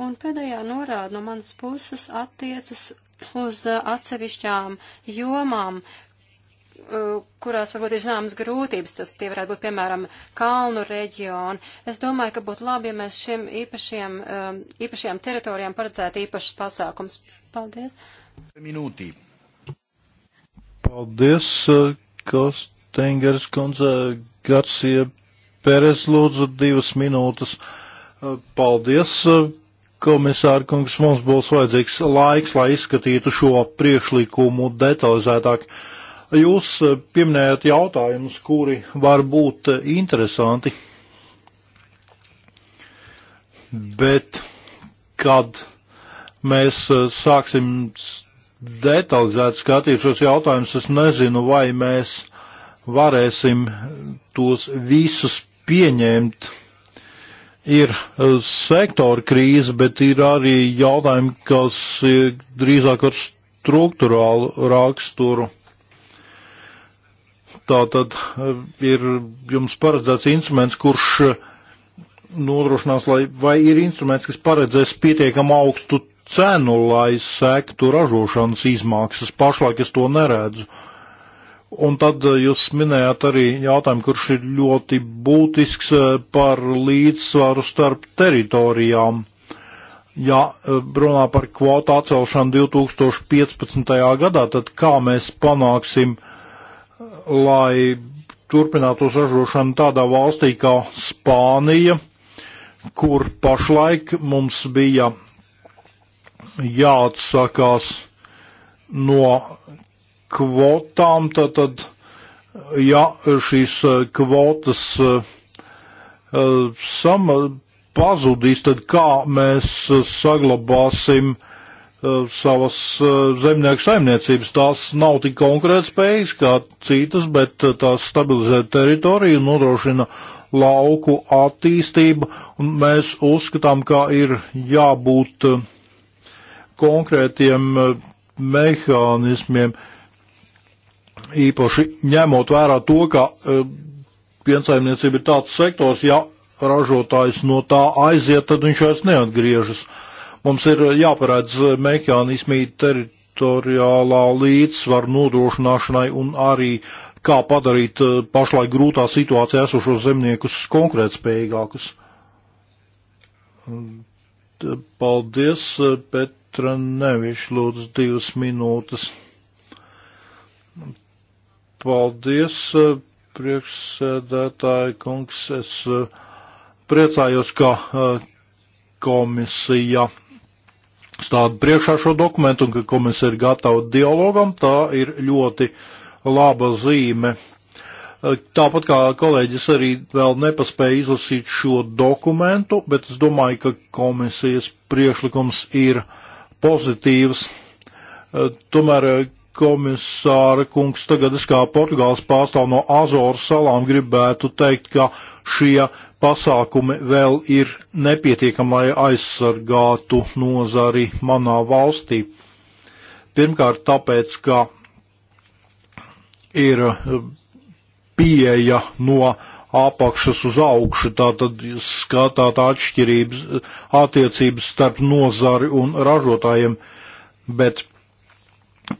Un pēdējā norāda no manas puses attiecas uz uh, atsevišķām jomām, uh, kurās varbūt ir zināmas grūtības, tas tie varētu būt, piemēram, kalnu reģioni. Es domāju, ka būtu labi, ja mēs šiem īpašiem, um, īpašajām teritorijām paredzētu īpašas pasākums. Paldies. Minūtī. Paldies, uh, Kostengers kundze, Garcija Peres lūdzu divas minūtes. Paldies, komisāra kungs, mums būs vajadzīgs laiks, lai izskatītu šo priekšlikumu detalizētāk. Jūs eh, pieminējat jautājumus, kuri var būt eh, interesanti, bet kad mēs eh, sāksim detalizēt skatīt šos jautājumus, es nezinu, vai mēs varēsim tos visus pieņemt ir e, sektora krīze, bet ir arī jautājumi, kas ir drīzāk ar struktūrālu raksturu. Tā tad e, ir jums paredzēts instruments, kurš e, nodrošinās, lai, vai ir instruments, kas paredzēs pietiekam augstu cenu, lai sektu ražošanas izmaksas. Pašlaik es to neredzu. Uh, Un tad eh, jūs minējāt arī jautājumu, kurš ir ļoti būtisks eh, par līdzsvaru starp teritorijām. Ja eh, runā par kvotu atcelšanu 2015. gadā, tad kā mēs panāksim, lai turpinātos ražošanu tādā valstī kā Spānija, kur pašlaik mums bija jāatsakās no kvotām, tad, tad ja šīs eh, kvotas eh, eh, sama pazudīs, tad kā mēs saglabāsim savas zemnieku saimniecības. Tās nav tik konkurētspējas kā citas, bet tās stabilizē teritoriju un nodrošina lauku attīstību. Un mēs uzskatām, ka ir jābūt konkrētiem mehānismiem. Uh, īpaši ņemot vērā to, ka e, piensaimniecība ir tāds sektors, ja ražotājs no tā aiziet, tad viņš vairs neatgriežas. Mums ir jāparedz mehānismi teritoriālā līdzsvaru nodrošināšanai un arī kā padarīt e, pašlaik grūtā situācijā esošos zemniekus konkurētspējīgākus. Paldies, Petra Nevišs, lūdzu, divas minūtes. Paldies, eh, priekšsēdētāji kungs. Es eh, priecājos, ka eh, komisija stāda priekšā šo dokumentu un ka komisija ir gatava dialogam. Tā ir ļoti laba zīme. Tāpat kā kolēģis arī vēl nepaspēja izlasīt šo dokumentu, bet es domāju, ka komisijas priekšlikums ir pozitīvs. Tomēr komisāra kungs, tagad es kā Portugāles pārstāv no Azoru salām gribētu teikt, ka šie pasākumi vēl ir nepietiekami, lai aizsargātu nozari manā valstī. Pirmkārt, tāpēc, ka ir eh, pieeja no apakšas uz augšu, tātad skatāt atšķirības, attiecības starp nozari un ražotājiem, bet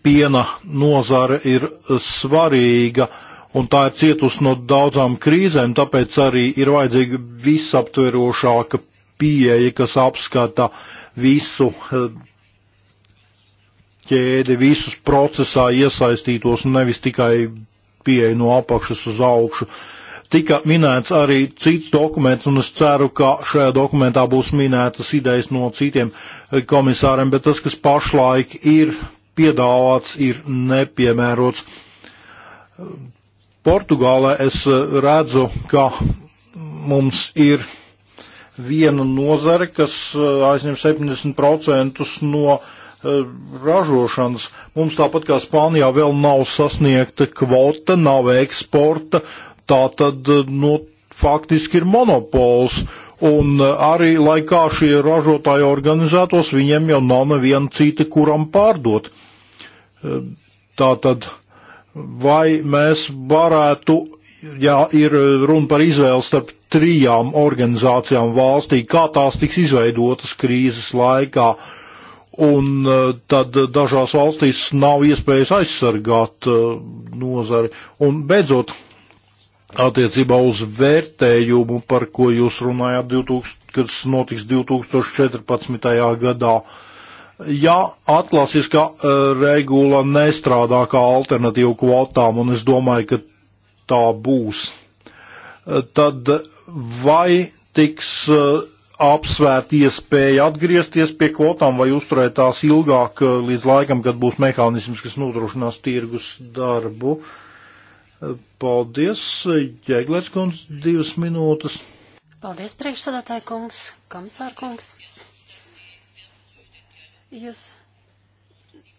piena nozare ir svarīga un tā ir cietusi no daudzām krīzēm, tāpēc arī ir vajadzīga visaptverošāka pieeja, kas apskata visu eh, ķēdi, visus procesā iesaistītos, nevis tikai pieeja no apakšas uz augšu. Tika minēts arī cits dokuments, un es ceru, ka šajā dokumentā būs minētas idejas no citiem eh, komisāriem, bet tas, kas pašlaik ir piedāvāts, ir nepiemērots. Portugālē es redzu, ka mums ir viena nozare, kas uh, aizņem 70% no uh, ražošanas. Mums tāpat kā Spānijā vēl nav sasniegta kvota, nav eksporta, tā tad uh, no, nu, faktiski ir monopols, Un e, arī laikā šie ražotāji organizētos, viņiem jau nav neviena cita, kuram pārdot. E, tātad, vai mēs varētu, ja ir runa par izvēli starp trijām organizācijām valstī, kā tās tiks izveidotas krīzes laikā, un e, tad dažās valstīs nav iespējas aizsargāt nozari. Un beidzot, attiecībā uz vērtējumu, par ko jūs runājāt, 2000, kas notiks 2014. gadā. Ja atklāsiskā e, regula nestrādā kā alternatīva kvotām, un es domāju, ka tā būs, e, tad vai tiks e, apsvērt iespēja atgriezties pie kvotām vai uzturēt tās ilgāk līdz laikam, kad būs mehānisms, kas nodrošinās tirgus darbu? Uh, Paldies, Jēglers kungs, divas minūtes. Paldies, priekšsādātāja kungs, komisāra kungs. Jūs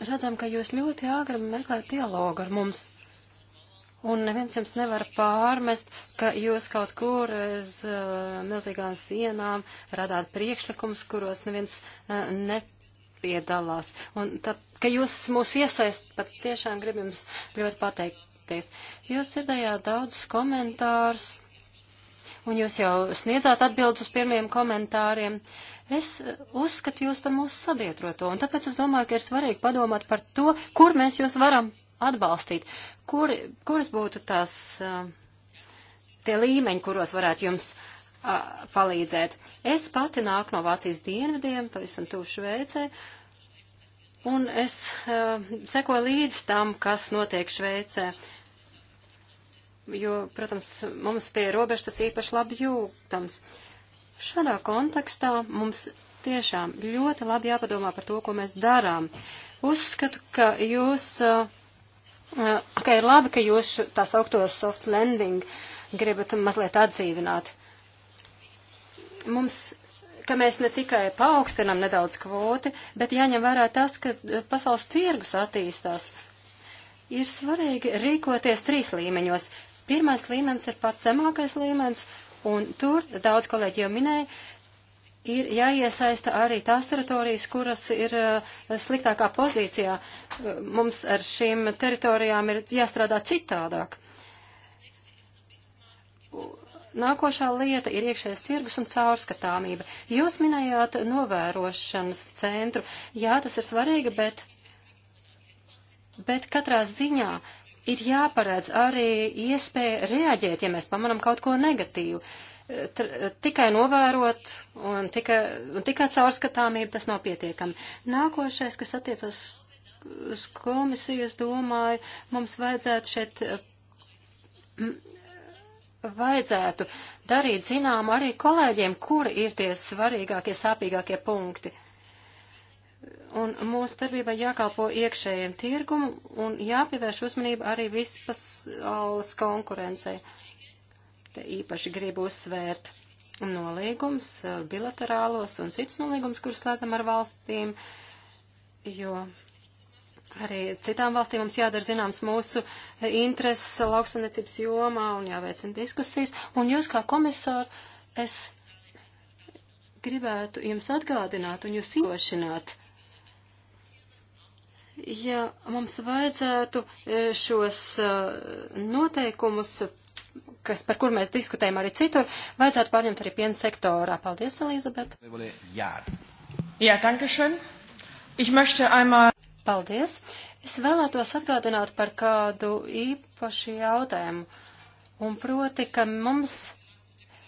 redzam, ka jūs ļoti āgri meklējat dialogu ar mums. Un neviens jums nevar pārmest, ka jūs kaut kur aiz uh, milzīgām sienām radāt priekšlikumus, kuros neviens uh, nepiedalās. Un tā, ka jūs mūs iesaist, pat tiešām grib jums ļoti pateikt izteikties. Jūs dzirdējāt daudzus komentārus, un jūs jau sniedzāt atbildus uz pirmiem komentāriem. Es uzskatu jūs par mūsu sabiedroto, un tāpēc es domāju, ka ir svarīgi padomāt par to, kur mēs jūs varam atbalstīt, kur, kuras būtu tās tie līmeņi, kuros varētu jums palīdzēt. Es pati nāku no Vācijas dienvidiem, pavisam tuvu Šveicē, un es uh, sekoju līdz tam, kas notiek Šveicē jo, protams, mums pie robežas tas īpaši labi jūtams. Šādā kontekstā mums tiešām ļoti labi jāpadomā par to, ko mēs darām. Uzskatu, ka jūs, eh, eh, ka ir labi, ka jūs tā saukto soft landing gribat mazliet atdzīvināt. Mums ka mēs ne tikai paaugstinam nedaudz kvoti, bet jāņem vērā tas, ka eh, pasaules tirgus attīstās. Ir svarīgi rīkoties trīs līmeņos Pirmais līmenis ir pats zemākais līmenis, un tur daudz kolēģi jau minēja, ir jāiesaista arī tās teritorijas, kuras ir eh, sliktākā pozīcijā. Mums ar šīm teritorijām ir jāstrādā citādāk. Nākošā lieta ir iekšējais tirgus un caurskatāmība. Jūs minējāt novērošanas centru. Jā, tas ir svarīgi, bet, bet katrā ziņā ir jāparedz arī iespēja reaģēt, ja mēs pamanam kaut ko negatīvu. E, T e, tikai novērot un tikai, un tikai caurskatāmība tas nav pietiekami. Nākošais, kas attiecas uz komisiju, es domāju, mums vajadzētu šeit, e, vajadzētu darīt zinām arī kolēģiem, kur ir tie svarīgākie, sāpīgākie punkti un mūsu darbībai jākalpo iekšējiem tirgumu un jāpievērš uzmanība arī vispasaules konkurencei. Te īpaši gribu uzsvērt nolīgums, eh, bilaterālos un cits nolīgums, kurus slēdzam ar valstīm, jo arī citām valstīm mums jādara zināms mūsu eh, intereses lauksaimniecības jomā un jāveicina diskusijas. Un jūs kā komisāri, es gribētu jums atgādināt un jūs ilošināt ja mums vajadzētu e, šos e, noteikumus, kas, par kur mēs diskutējam arī citur, vajadzētu pārņemt arī piena sektorā. Paldies, Elizabet. Jā, ja, dankeschön. Ich möchte einmal. Paldies. Es vēlētos atgādināt par kādu īpašu jautājumu. Un proti, ka mums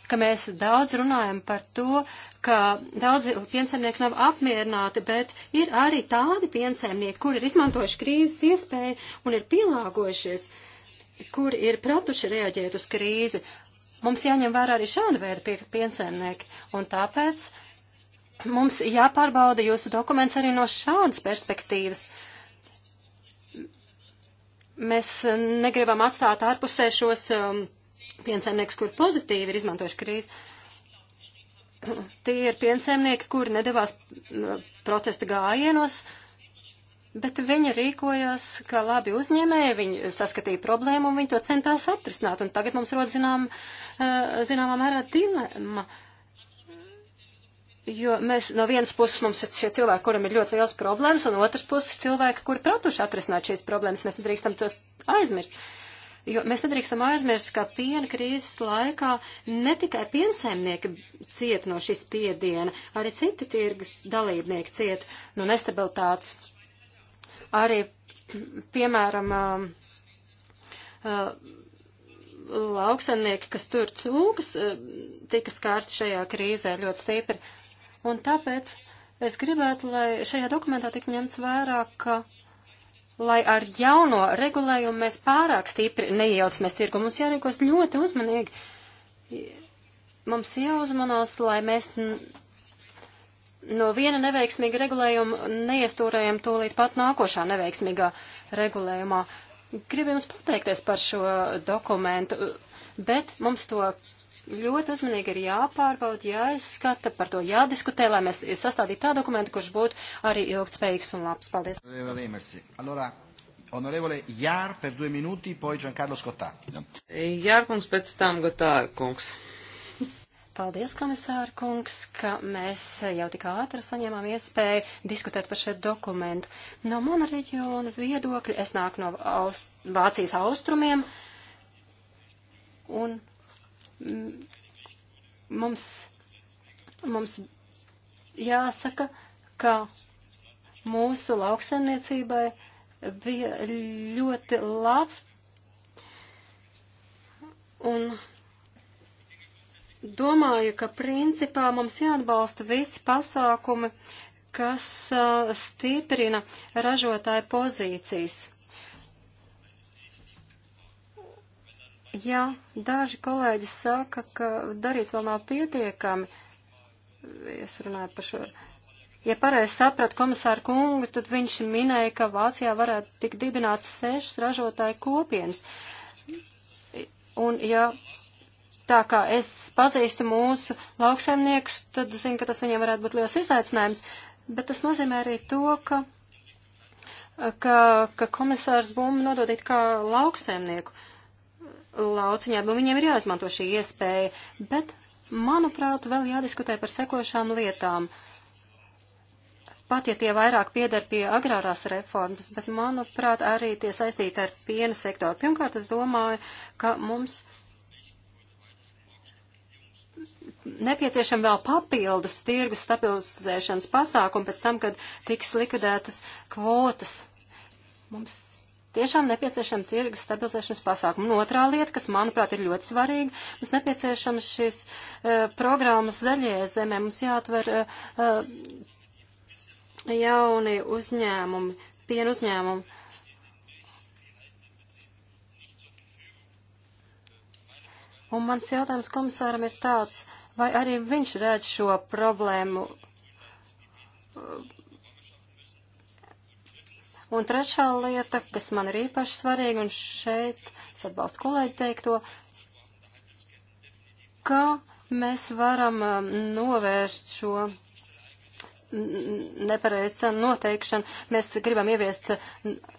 ka mēs daudz runājam par to, ka daudzi piensaimnieki nav apmierināti, bet ir arī tādi piensaimnieki, kuri ir izmantojuši krīzes iespēju un ir pielāgojušies, kuri ir pratuši reaģēt uz krīzi. Mums jāņem vērā arī šāda veida piensaimnieki, un tāpēc mums jāpārbauda jūsu dokuments arī no šādas perspektīvas mēs negribam atstāt ārpusē šos um, piensaimnieks, kur pozitīvi ir izmantojuši krīzi. Tie ir piensaimnieki, kuri nedavās protesta gājienos, bet viņi rīkojās kā labi uzņēmēji, viņi saskatīja problēmu un viņi to centās atrisināt. Un tagad mums rod zinām, zināmā mērā dilemma. Jo mēs no vienas puses mums ir šie cilvēki, kuriem ir ļoti liels problēmas, un otras puses cilvēki, kuri pratuši atrisināt šīs problēmas, mēs nedrīkstam tos aizmirst. Uh, Jo mēs nedrīkstam aizmirst, ka piena krīzes laikā ne tikai piensaimnieki ciet no šīs piediena, arī citi tirgus dalībnieki ciet no nestabilitātes. Arī, piemēram, um, uh, lauksaimnieki, kas tur cūkas, uh, tika skārti šajā krīzē ļoti stipri. Un tāpēc es gribētu, lai šajā dokumentā tik ņemts vērā, ka lai ar jauno regulējumu mēs pārāk stipri neiejaucamies tirgu. Mums jārīkos ļoti uzmanīgi. Mums jāuzmanās, lai mēs no viena neveiksmīga regulējuma neiestūrējam tūlīt pat nākošā neveiksmīgā regulējumā. Gribu jums pateikties par šo dokumentu, bet mums to ļoti uzmanīgi ir jāpārbauda, jāizskata, par to jādiskutē, lai mēs sastādītu tā dokumentu, kurš būtu arī ilgtspējīgs un labs. Paldies. Onorevole Jār, per due minūti, poi Giancarlo Scottati. Jārkungs, pēc tam Gotārkungs. Paldies, komisāra kungs, ka mēs jau tik ātri saņēmām iespēju diskutēt par šo dokumentu. No mana reģiona viedokļa es nāku no Aust Vācijas austrumiem, un mums, mums jāsaka, ka mūsu lauksaimniecībai bija ļoti labs un domāju, ka principā mums jāatbalsta visi pasākumi, kas uh, stiprina ražotāju pozīcijas. Ja daži kolēģi saka, ka darīts vēl nav pietiekami, es runāju par šo. Ja pareizi sapratu komisāru kungu, tad viņš minēja, ka Vācijā varētu tik dibināt sešas ražotāju kopienas. Un ja tā kā es pazīstu mūsu lauksaimniekus, tad zinu, ka tas viņiem varētu būt liels izaicinājums, bet tas nozīmē arī to, ka, ka, ka komisārs Bumba nodod it kā lauksaimnieku. Uh, lauciņā, un viņiem ir jāizmanto šī iespēja, bet, manuprāt, vēl jādiskutē par sekošām lietām. Pat, ja tie vairāk piedar pie agrārās reformas, bet, manuprāt, arī tie saistīti ar piena sektoru. Pirmkārt, es domāju, ka mums nepieciešama vēl papildus tirgus stabilizēšanas pasākumi pēc tam, kad tiks likvidētas kvotas. Mums tiešām nepieciešama tirgus stabilizēšanas pasākuma. Un otrā lieta, kas, manuprāt, ir ļoti svarīga, mums nepieciešama šīs uh, e, programmas zaļie zemē, mums jāatver uh, jauni uzņēmumi, pienu uzņēmumi. Un mans jautājums komisāram ir tāds, vai arī viņš redz šo problēmu uh, Un trešā lieta, kas man ir īpaši svarīga, un šeit es atbalstu kolēģi teikto, ka mēs varam um, novērst šo nepareizu cenu noteikšanu. Mēs gribam ieviest uh,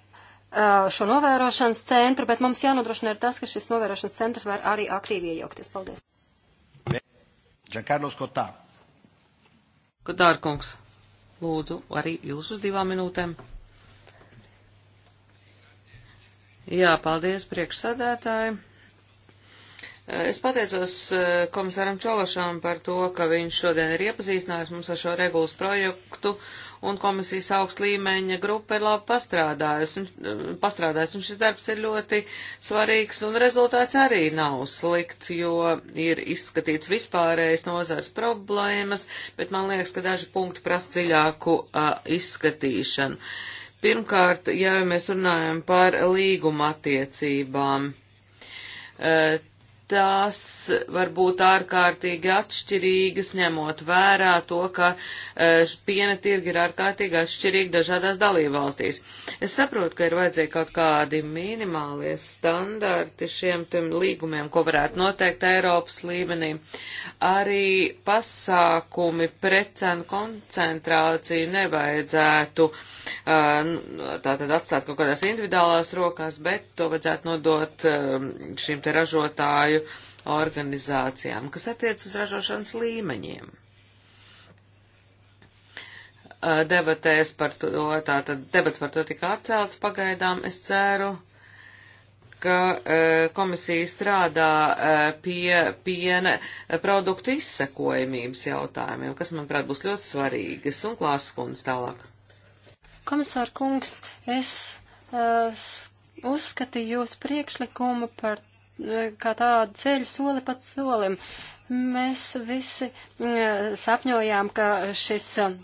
šo novērošanas centru, bet mums jānodrošina ir tas, ka šis novērošanas centrs var arī aktīvi iejaukties. Paldies. Giancarlo Skotā. Godārkungs, lūdzu, arī jūs uz divām minūtēm. Jā, paldies priekšsādātāji. Es pateicos eh, komisāram Čološam par to, ka viņš šodien ir iepazīstinājis mums ar šo regulas projektu un komisijas augst līmeņa grupa ir labi pastrādājusi. Un, eh, pastrādājusi, un šis darbs ir ļoti svarīgs, un rezultāts arī nav slikts, jo ir izskatīts vispārējais nozars problēmas, bet man liekas, ka daži punkti prasa dziļāku uh, izskatīšanu. Uh, Pirmkārt, ja mēs runājam par līguma attiecībām, eh, tās var būt ārkārtīgi atšķirīgas, ņemot vērā to, ka e, piena tirgi ir ārkārtīgi atšķirīgi dažādās dalībvalstīs. Es saprotu, ka ir vajadzīgi kaut kādi minimālie standarti šiem līgumiem, ko varētu noteikt Eiropas līmenī. Arī pasākumi pret cenu koncentrāciju nevajadzētu e, tātad atstāt kaut kādās individuālās rokās, bet to vadzētu nodot e, šim te ražotāju ražotāju organizācijām, kas attiec uz ražošanas līmeņiem. Debatēs par to, tātad debats par to tika atcelts pagaidām, es ceru, ka komisija strādā pie piena produktu izsekojamības jautājumiem, kas, manuprāt, būs ļoti svarīgas un klāskundas tālāk. Komisār kungs, es uh, uzskatīju jūs priekšlikumu par kā tādu ceļu soli pat solim. Mēs visi mm, sapņojām, ka šis mm,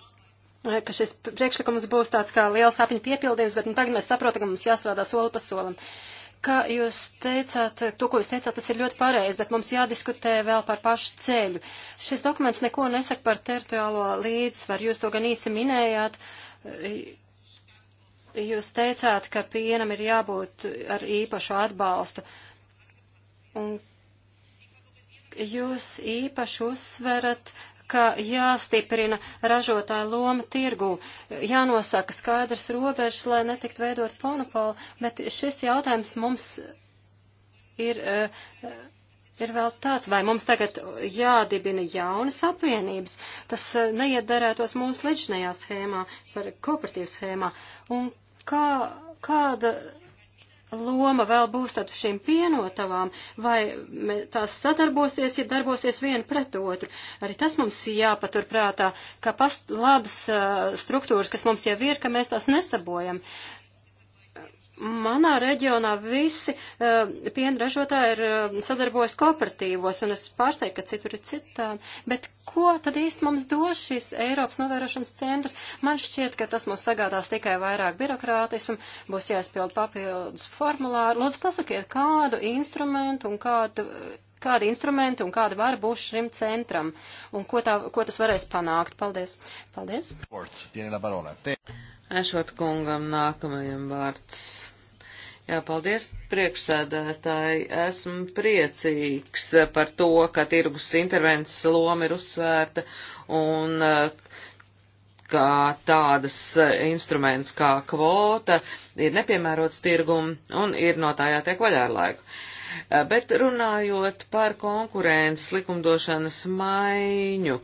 ka šis priekšlikums būs tāds kā liels sapņu piepildījums, bet nu, tagad mēs saprotam, ka mums jāstrādā soli pa solim. Kā jūs teicāt, to, ko jūs teicāt, tas ir ļoti pareizi, bet mums jādiskutē vēl par pašu ceļu. Šis dokuments neko nesaka par teritoriālo līdzsvaru, jūs to gan īsi minējāt. Jūs teicāt, ka pienam ir jābūt ar īpašu atbalstu. Uh, Un jūs īpaši uzsverat, ka jāstiprina ražotāja loma tirgū, jānosaka skaidrs robežas, lai netikt veidot monopolu, bet šis jautājums mums ir, eh, ir vēl tāds, vai mums tagad jādibina jaunas apvienības, tas eh, neiederētos mūsu leģinējā schēmā, par kooperatīvu schēmā, un kā, kāda loma vēl būs tad šīm pienotavām, vai tās sadarbosies, ja darbosies viena pret otru. Arī tas mums jāpatur prātā, ka past labas uh, struktūras, kas mums jau ir, ka mēs tās nesabojam. Manā reģionā visi uh, pienražotāji ir uh, sadarbojas kooperatīvos, un es pārsteigtu, ka citur ir citādi. Bet ko tad īsti mums dos šis Eiropas novērošanas centrs? Man šķiet, ka tas mums sagādās tikai vairāk birokrātis, un būs jāizpild papildus formulāri. Lūdzu, pasakiet, kādu instrumentu un kādu kādi instrumenti un kāda vara būs šim centram un ko, tā, ko tas varēs panākt. Paldies. Paldies. Ešot kungam nākamajam vārds. Jā, paldies priekšsēdētāji. Esmu priecīgs par to, ka tirgus intervences loma ir uzsvērta un eh, ka tādas eh, instruments kā kvota ir nepiemērots tirgum un ir no tā jātiek vaļā ar laiku. Uh, Eh, bet runājot par konkurences likumdošanas maiņu,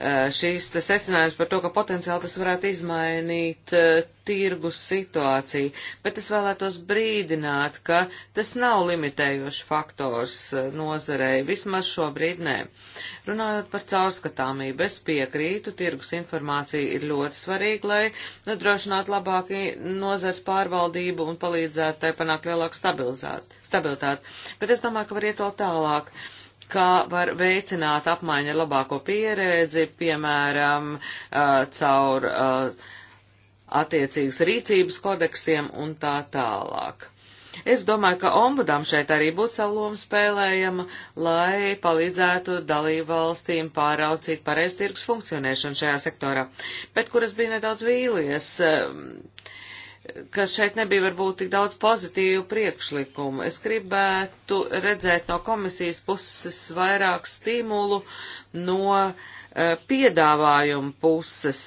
eh, šīs secinājums par to, ka potenciāli tas varētu izmainīt eh, tirgus situāciju, bet es vēlētos brīdināt, ka tas nav limitējošs faktors nozarei, vismaz šobrīd nē. Runājot par caurskatāmību, es piekrītu, tirgus informācija ir ļoti svarīga, lai nodrošinātu labāku nozars pārvaldību un palīdzētu tai panākt lielāku stabilitāti. Bet bet es domāju, ka var iet vēl tālāk kā var veicināt apmaiņu ar labāko pieredzi, piemēram, caur attiecīgas rīcības kodeksiem un tā tālāk. Es domāju, ka ombudam šeit arī būtu savu lomu spēlējama, lai palīdzētu dalību valstīm pāraucīt pareiztirgus funkcionēšanu šajā sektorā. Bet, kur es biju nedaudz vīlies, uh, ka šeit nebija varbūt tik daudz pozitīvu priekšlikumu. Es gribētu redzēt no komisijas puses vairāk stimulu no uh, eh, piedāvājuma puses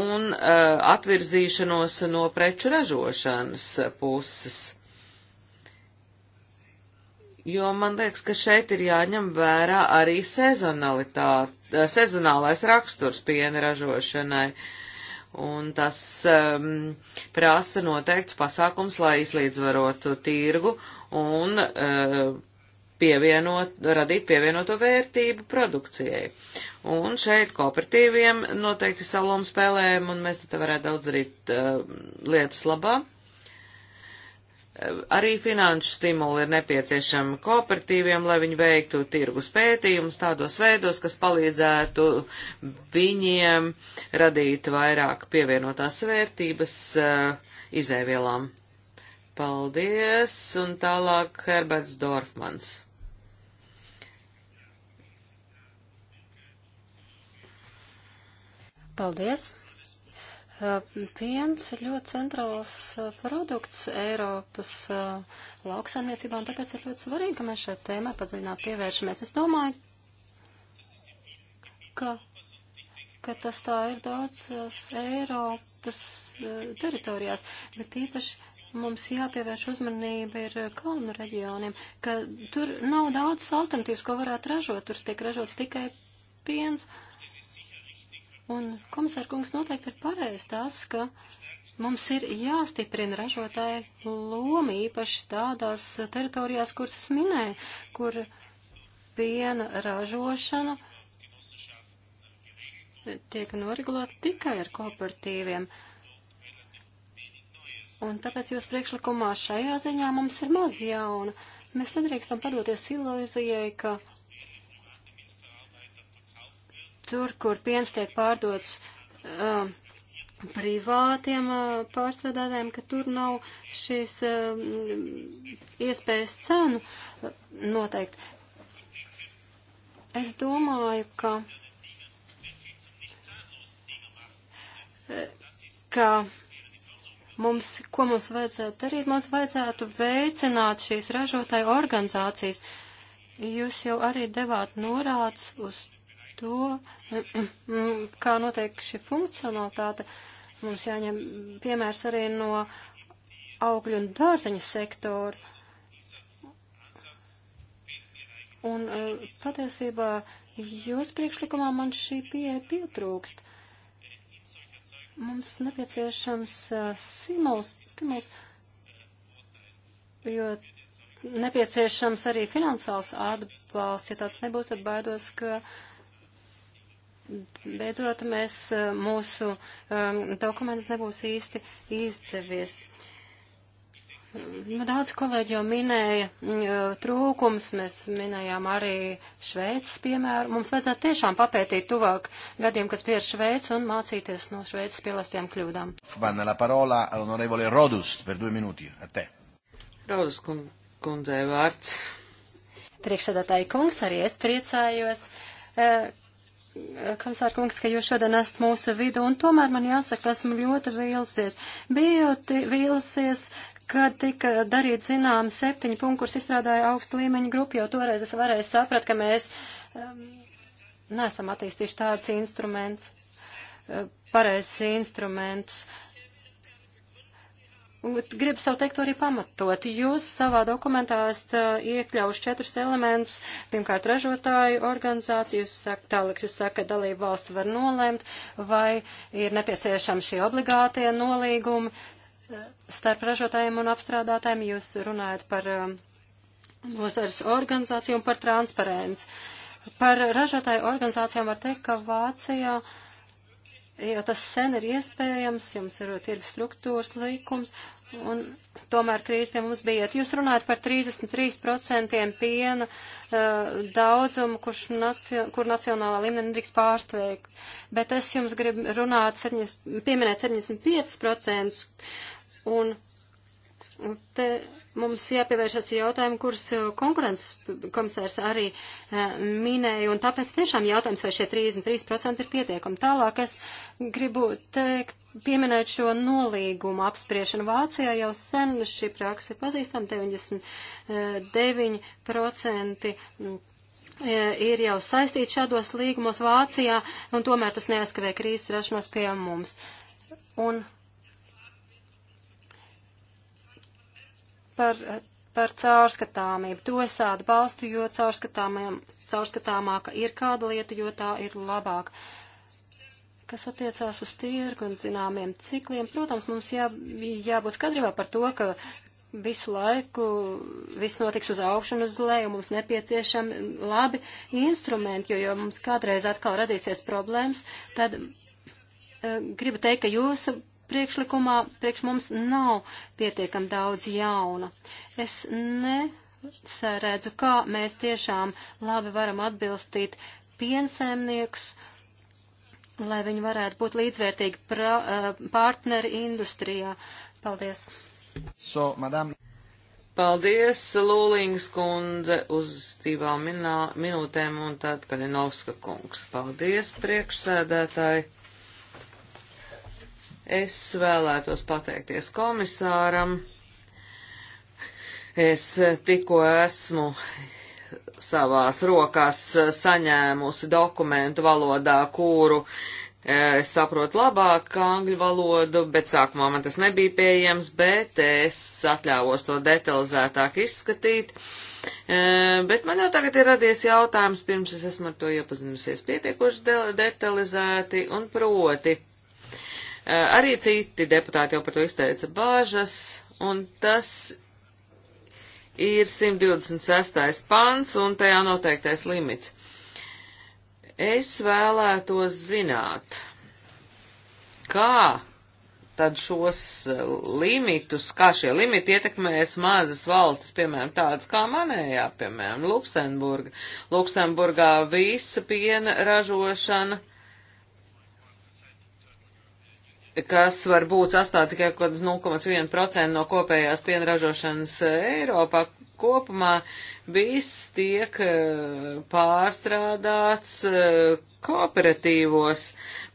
un uh, atvirzīšanos no preču ražošanas puses. Jo man liekas, ka šeit ir jāņem vērā arī sezonalitāte, eh, sezonālais raksturs piena ražošanai. Uh, un tas um, prasa noteikts pasākums, lai izlīdzvarotu tirgu un uh, pievienot, radīt pievienoto vērtību produkcijai. Un šeit kooperatīviem noteikti salom spēlēm, un mēs te varētu daudz darīt uh, lietas labā. Arī finanšu stimuli ir nepieciešami kooperatīviem, lai viņi veiktu tirgus pētījumus tādos veidos, kas palīdzētu viņiem radīt vairāk pievienotās vērtības eh, izēvielām. Paldies, un tālāk Herberts Dorfmans. Paldies! Uh, piens ir ļoti centrāls uh, produkts Eiropas uh, lauksaimniecībā, un tāpēc ir ļoti svarīgi, ka mēs šai tēmai padziļināti pievēršamies. Es domāju, ka, ka tas tā ir daudzas Eiropas teritorijās, bet īpaši mums jāpievērš uzmanība ir kalnu reģioniem, ka tur nav daudz alternatīvas, ko varētu ražot. Tur tiek ražots tikai piens. Uh, Un komisārkungs noteikti ir pareizi tas, ka mums ir jāstiprina ražotāja loma īpaši tādās teritorijās, kuras es minēju, kur piena ražošana tiek noregulēta tikai ar kooperatīviem. Un tāpēc jūs priekšlikumā šajā ziņā mums ir maz jauna. Mēs nedrīkstam padoties ilūzijai, ka tur, kur piens tiek pārdots um, privātiem uh, pārstrādātājiem, ka tur nav šīs uh, iespējas cenu uh, noteikt. Es domāju, ka, uh, ka mums, ko mums vajadzētu darīt, mums vajadzētu veicināt šīs ražotāju organizācijas. Jūs jau arī devāt norādes uz to, kā notiek šī funkcionalitāte. Mums jāņem piemērs arī no augļu un dārzeņu sektora. Un eh, patiesībā jūs priekšlikumā man šī pieeja pietrūkst. Mums nepieciešams eh, simuls, stimuls, jo nepieciešams arī finansāls atbalsts. Ja tāds nebūs, tad baidos, ka uh, beidzot mēs eh, mūsu um, dokuments nebūs īsti izdevies. Nu, daudz kolēģi jau minēja eh, trūkums, mēs minējām arī Šveices piemēru. Mums vajadzētu tiešām papētīt tuvāk gadiem, kas pier Šveicu un mācīties no Šveices pielastiem kļūdām. Vanna la parola, onorevole Rodust, per due minūti, a te. Rodust kundzei vārds. Priekšsēdētāji kungs, arī es priecājos. Uh, komisārkungs, ka jūs šodien esat mūsu vidu, un tomēr man jāsaka, esmu ļoti vīlusies. Bijoti vīlusies, kad tika darīt zinām septiņu punktu, kurus izstrādāja augsta līmeņa grupa, jo toreiz es varēju saprat, ka mēs um, nesam attīstījuši tādus instrumentus, uh, pareizs instrumentus. Uh, gribu savu teikto arī pamatot. Jūs savā dokumentā esat uh, iekļaujuši četrus elementus. Pirmkārt, ražotāju organizāciju, jūs sakat, tālāk jūs sakat, dalību valsts var nolēmt, vai ir nepieciešami šie obligātie nolīgumi uh, starp ražotājiem un apstrādātājiem. Jūs runājat par um, nozares organizāciju un par transparents. Par ražotāju organizācijām var teikt, ka Vācijā jo tas sen ir iespējams, jums ir tirgus struktūras likums, un tomēr krīze pie mums bija. Jūs runājat par 33% piena uh, daudzumu, kurš nacio, kur nacionālā līmenī nedrīkst pārsteigt, bet es jums gribu runāt, 70, pieminēt 75%, un te mums jāpievēršas jautājumu, kurus eh, konkurences komisārs arī uh, minēja, un tāpēc tiešām jautājums, vai šie 33% ir pietiekami. Tālāk es gribu teikt pieminēt šo nolīgumu apspriešanu. Vācijā jau sen šī praksa ir pazīstama, 99% mm, e, ir jau saistīti šādos līgumos Vācijā, un tomēr tas neaizskavē krīzes rašanos pie mums. Un par, par caurskatāmību. To es atbalstu, jo caurskatāmāka ir kāda lieta, jo tā ir labāka kas attiecās uz tirgu un zināmiem cikliem. Protams, mums jā, jābūt skatrībā par to, ka visu laiku viss notiks uz augšu un uz leju. Mums nepieciešami labi instrumenti, jo, jo mums kādreiz atkal radīsies problēmas, tad e, gribu teikt, ka jūsu priekšlikumā priekš mums nav pietiekam daudz jauna. Es ne saredzu, kā mēs tiešām labi varam atbilstīt piensaimniekus lai viņi varētu būt līdzvērtīgi pra, eh, partneri industrijā. Paldies! So, madam. Paldies, Lūlīngas kundze, uz divām minā, minūtēm un tad Kalinovska kungs. Paldies, priekšsēdētāji. Es vēlētos pateikties komisāram. Es tikko esmu savās rokās eh, saņēmusi dokumentu valodā, kuru eh, es saprotu labāk angļu valodu, bet sākumā man tas nebija pieejams, bet es atļāvos to detalizētāk izskatīt. Eh, bet man jau tagad ir radies jautājums, pirms es esmu ar to iepazinusies pietiekoši de detalizēti un proti. Arī citi deputāti jau par to izteica bāžas, un tas ir 126. pants un tajā noteiktais limits. Es vēlētos zināt, kā tad šos eh, limitus, kā šie limiti ietekmēs mazas valstis, piemēram, tādas kā manējā, piemēram, Luksemburga. Luksemburgā visa piena ražošana kas var būt sastāv tikai kaut kāds 0,1% no kopējās pienražošanas eh, Eiropā. Kopumā viss tiek eh, pārstrādāts eh, kooperatīvos.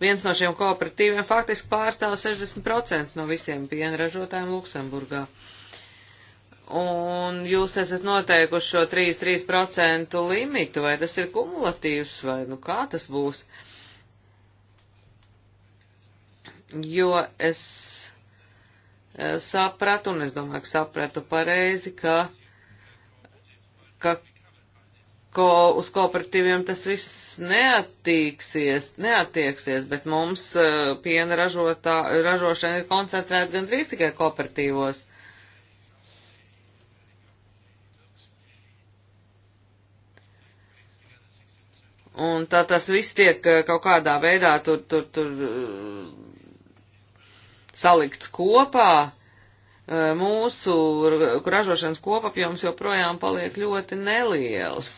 Viens no šiem kooperatīviem faktiski pārstāv 60% no visiem pienražotājiem Luksemburgā. Un jūs esat noteikuši šo 3-3% limitu, vai tas ir kumulatīvs, vai nu kā tas būs? Uh, jo es eh, sapratu, un es domāju, ka sapratu pareizi, ka, ka ko, uz kooperatīviem tas viss neattīksies, neattieksies, bet mums uh, piena ražotā, ražošana ir koncentrēta gandrīz tikai kooperatīvos. Un tā tas viss tiek eh, kaut kādā veidā tur, tur, tur salikts kopā, e, mūsu ražošanas kopapjoms joprojām paliek ļoti neliels.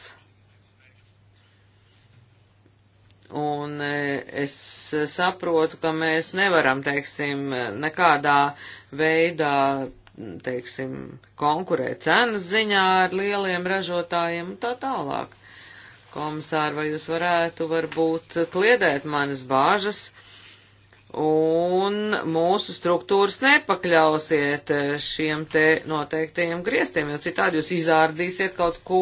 Un e, es saprotu, ka mēs nevaram, teiksim, nekādā veidā, teiksim, konkurēt cenas ziņā ar lieliem ražotājiem un tā tālāk. Komisāri, vai jūs varētu varbūt kliedēt manas bāžas? un mūsu struktūras nepakļausiet eh, šiem te noteiktajiem griestiem, jo citādi jūs izārdīsiet kaut ko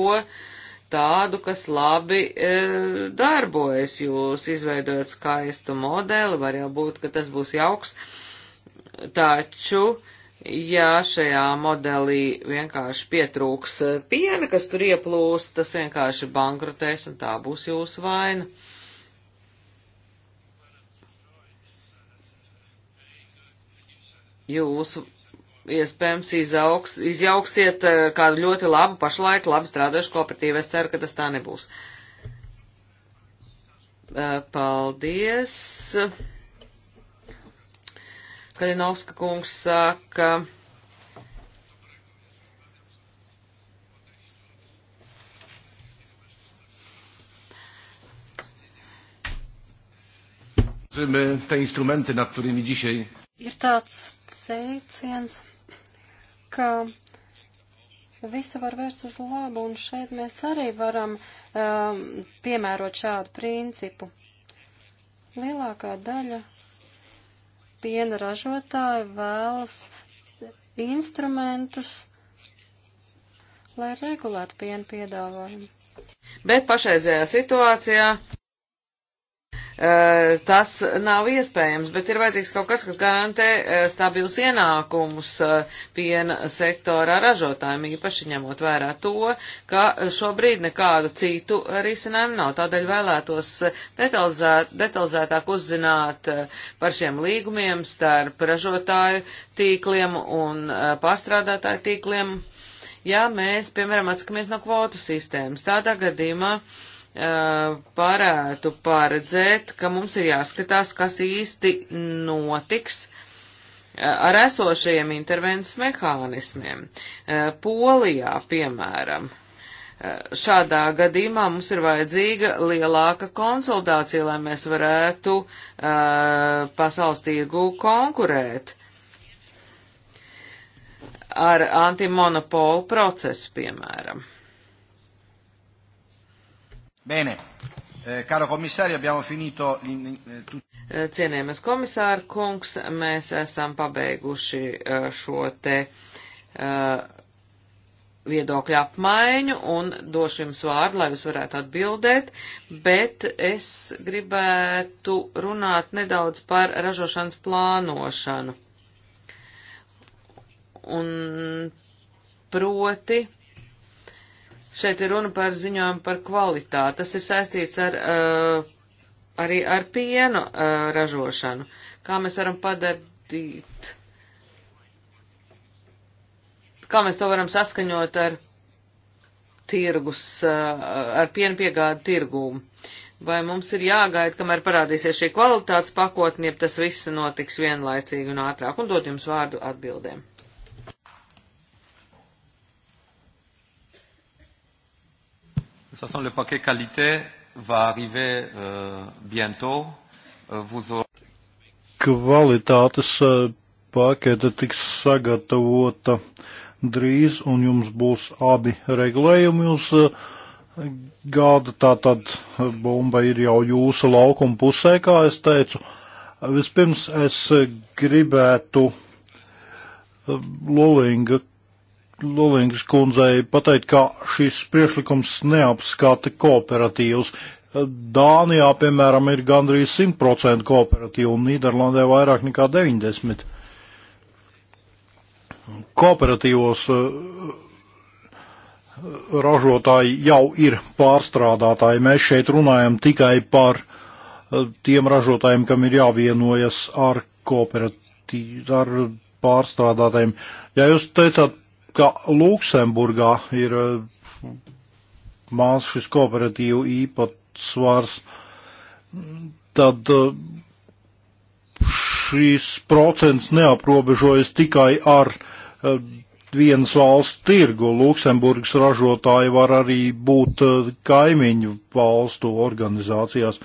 tādu, kas labi e, darbojas. Jūs izveidojat skaistu modeli, var jau būt, ka tas būs jauks, taču, ja šajā modelī vienkārši pietrūks piena, kas tur ieplūst, tas vienkārši bankrotēs un tā būs jūsu vaina. jūs iespējams izaugs, izjauksiet eh, kādu ļoti labu pašlaik labi strādājušu kooperatīvu. Es ceru, ka tas tā nebūs. Eh, paldies. Kalinovska kungs saka. Te instrumenty, nad którymi dzisiaj. Ir tāds teiciens, ka visu var vērst uz labu, un šeit mēs arī varam um, piemērot šādu principu. Lielākā daļa piena ražotāji vēlas instrumentus, lai regulētu piena piedāvājumu. Bet pašreizējā situācijā Eh, tas nav iespējams, bet ir vajadzīgs kaut kas, kas garantē eh, stabilus ienākumus eh, piena sektorā ražotājiem, īpaši ņemot vērā to, ka šobrīd nekādu citu risinājumu nav. Tādēļ vēlētos detalizēt, detalizētāk uzzināt par šiem līgumiem starp ražotāju tīkliem un pārstrādātāju tīkliem. Ja mēs, piemēram, atsakamies no kvotu sistēmas, tādā gadījumā uh, Uh, varētu paredzēt, ka mums ir jāskatās, kas īsti notiks uh, ar esošajiem intervences mehānismiem. Uh, Polijā, piemēram, šādā gadījumā mums ir vajadzīga lielāka konsolidācija, lai mēs varētu pasaules tirgu konkurēt ar antimonopolu procesu, piemēram. Bene. Eh, caro commissario, abbiamo finito... Eh, eh Cienējamies komisāra kungs, mēs esam pabeiguši eh, šo te uh, eh, viedokļu apmaiņu un došu jums vārdu, lai jūs varētu atbildēt, bet es gribētu runāt nedaudz par ražošanas plānošanu. Un proti Šeit ir runa par ziņojumu par kvalitāti. Tas ir saistīts ar, uh, arī ar pienu uh, ražošanu. Kā mēs varam padarīt, kā mēs to varam saskaņot ar tirgus, uh, ar pienu piegādu tirgūm. Vai mums ir jāgaida, kamēr parādīsies šī kvalitātes pakotnie, tas viss notiks vienlaicīgi un ātrāk, un dod jums vārdu atbildēm. toute façon, le paquet qualité va arriver euh, bientôt. Euh, vous Kvalitātes uh, pakete tiks sagatavota drīz, un jums būs abi regulējumi uz uh, gada. Tātad uh, bomba ir jau jūsu laukuma pusē, kā es teicu. Vispirms es gribētu Lolinga Lulīngas kundzei pateikt, ka šis priešlikums neapskata kooperatīvus. Dānijā, piemēram, ir gandrīz 100% kooperatīvu un Nīderlandē vairāk nekā 90%. Kooperatīvos eh, ražotāji jau ir pārstrādātāji. Mēs šeit runājam tikai par eh, tiem ražotājiem, kam ir jāvienojas ar kooperatīvu, ar pārstrādātājiem. Ja jūs teicāt ka Luksemburgā ir eh, maz šis kooperatīvu īpatsvars, tad eh, šīs procents neaprobežojas tikai ar eh, vienas valsts tirgu. Luksemburgas ražotāji var arī būt kaimiņu valstu organizācijās.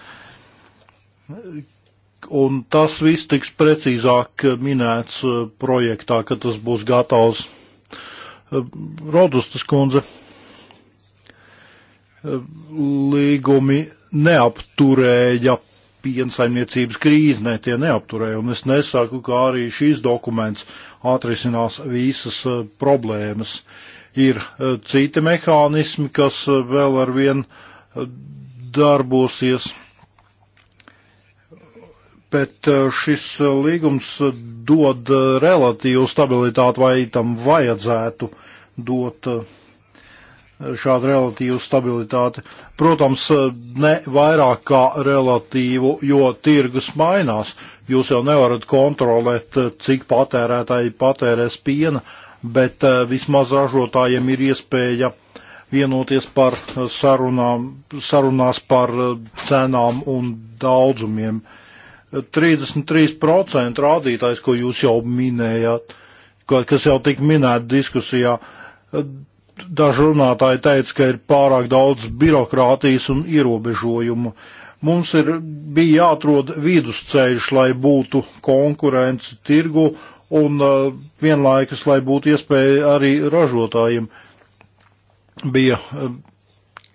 Un tas viss tiks precīzāk minēts projektā, kad tas būs gatavs Eh, Rodustas kundze. Eh, līgumi neapturēja piensaimniecības krīzi, ne tie neapturēja, un es nesaku, kā arī šīs dokuments atrisinās visas eh, problēmas. Ir citi mehānismi, kas vēl ar vienu darbosies bet eh, šis eh, līgums dod eh, relatīvu stabilitāti, vai tam vajadzētu dot šādu relatīvu stabilitāti. Protams, ne vairāk kā relatīvu, jo tirgus mainās. Jūs jau nevarat kontrolēt, cik patērētāji patērēs piena, bet vismaz ražotājiem ir iespēja vienoties par sarunām, sarunās par cenām un daudzumiem. Uh, 33% rādītājs, ko jūs jau minējāt, kas jau tika minēta diskusijā. Daži runātāji teica, ka ir pārāk daudz birokrātijas un ierobežojumu. Mums ir bija jāatrod vidusceļš, lai būtu konkurence tirgu un uh, vienlaikus, lai būtu iespēja arī ražotājiem. Bija uh,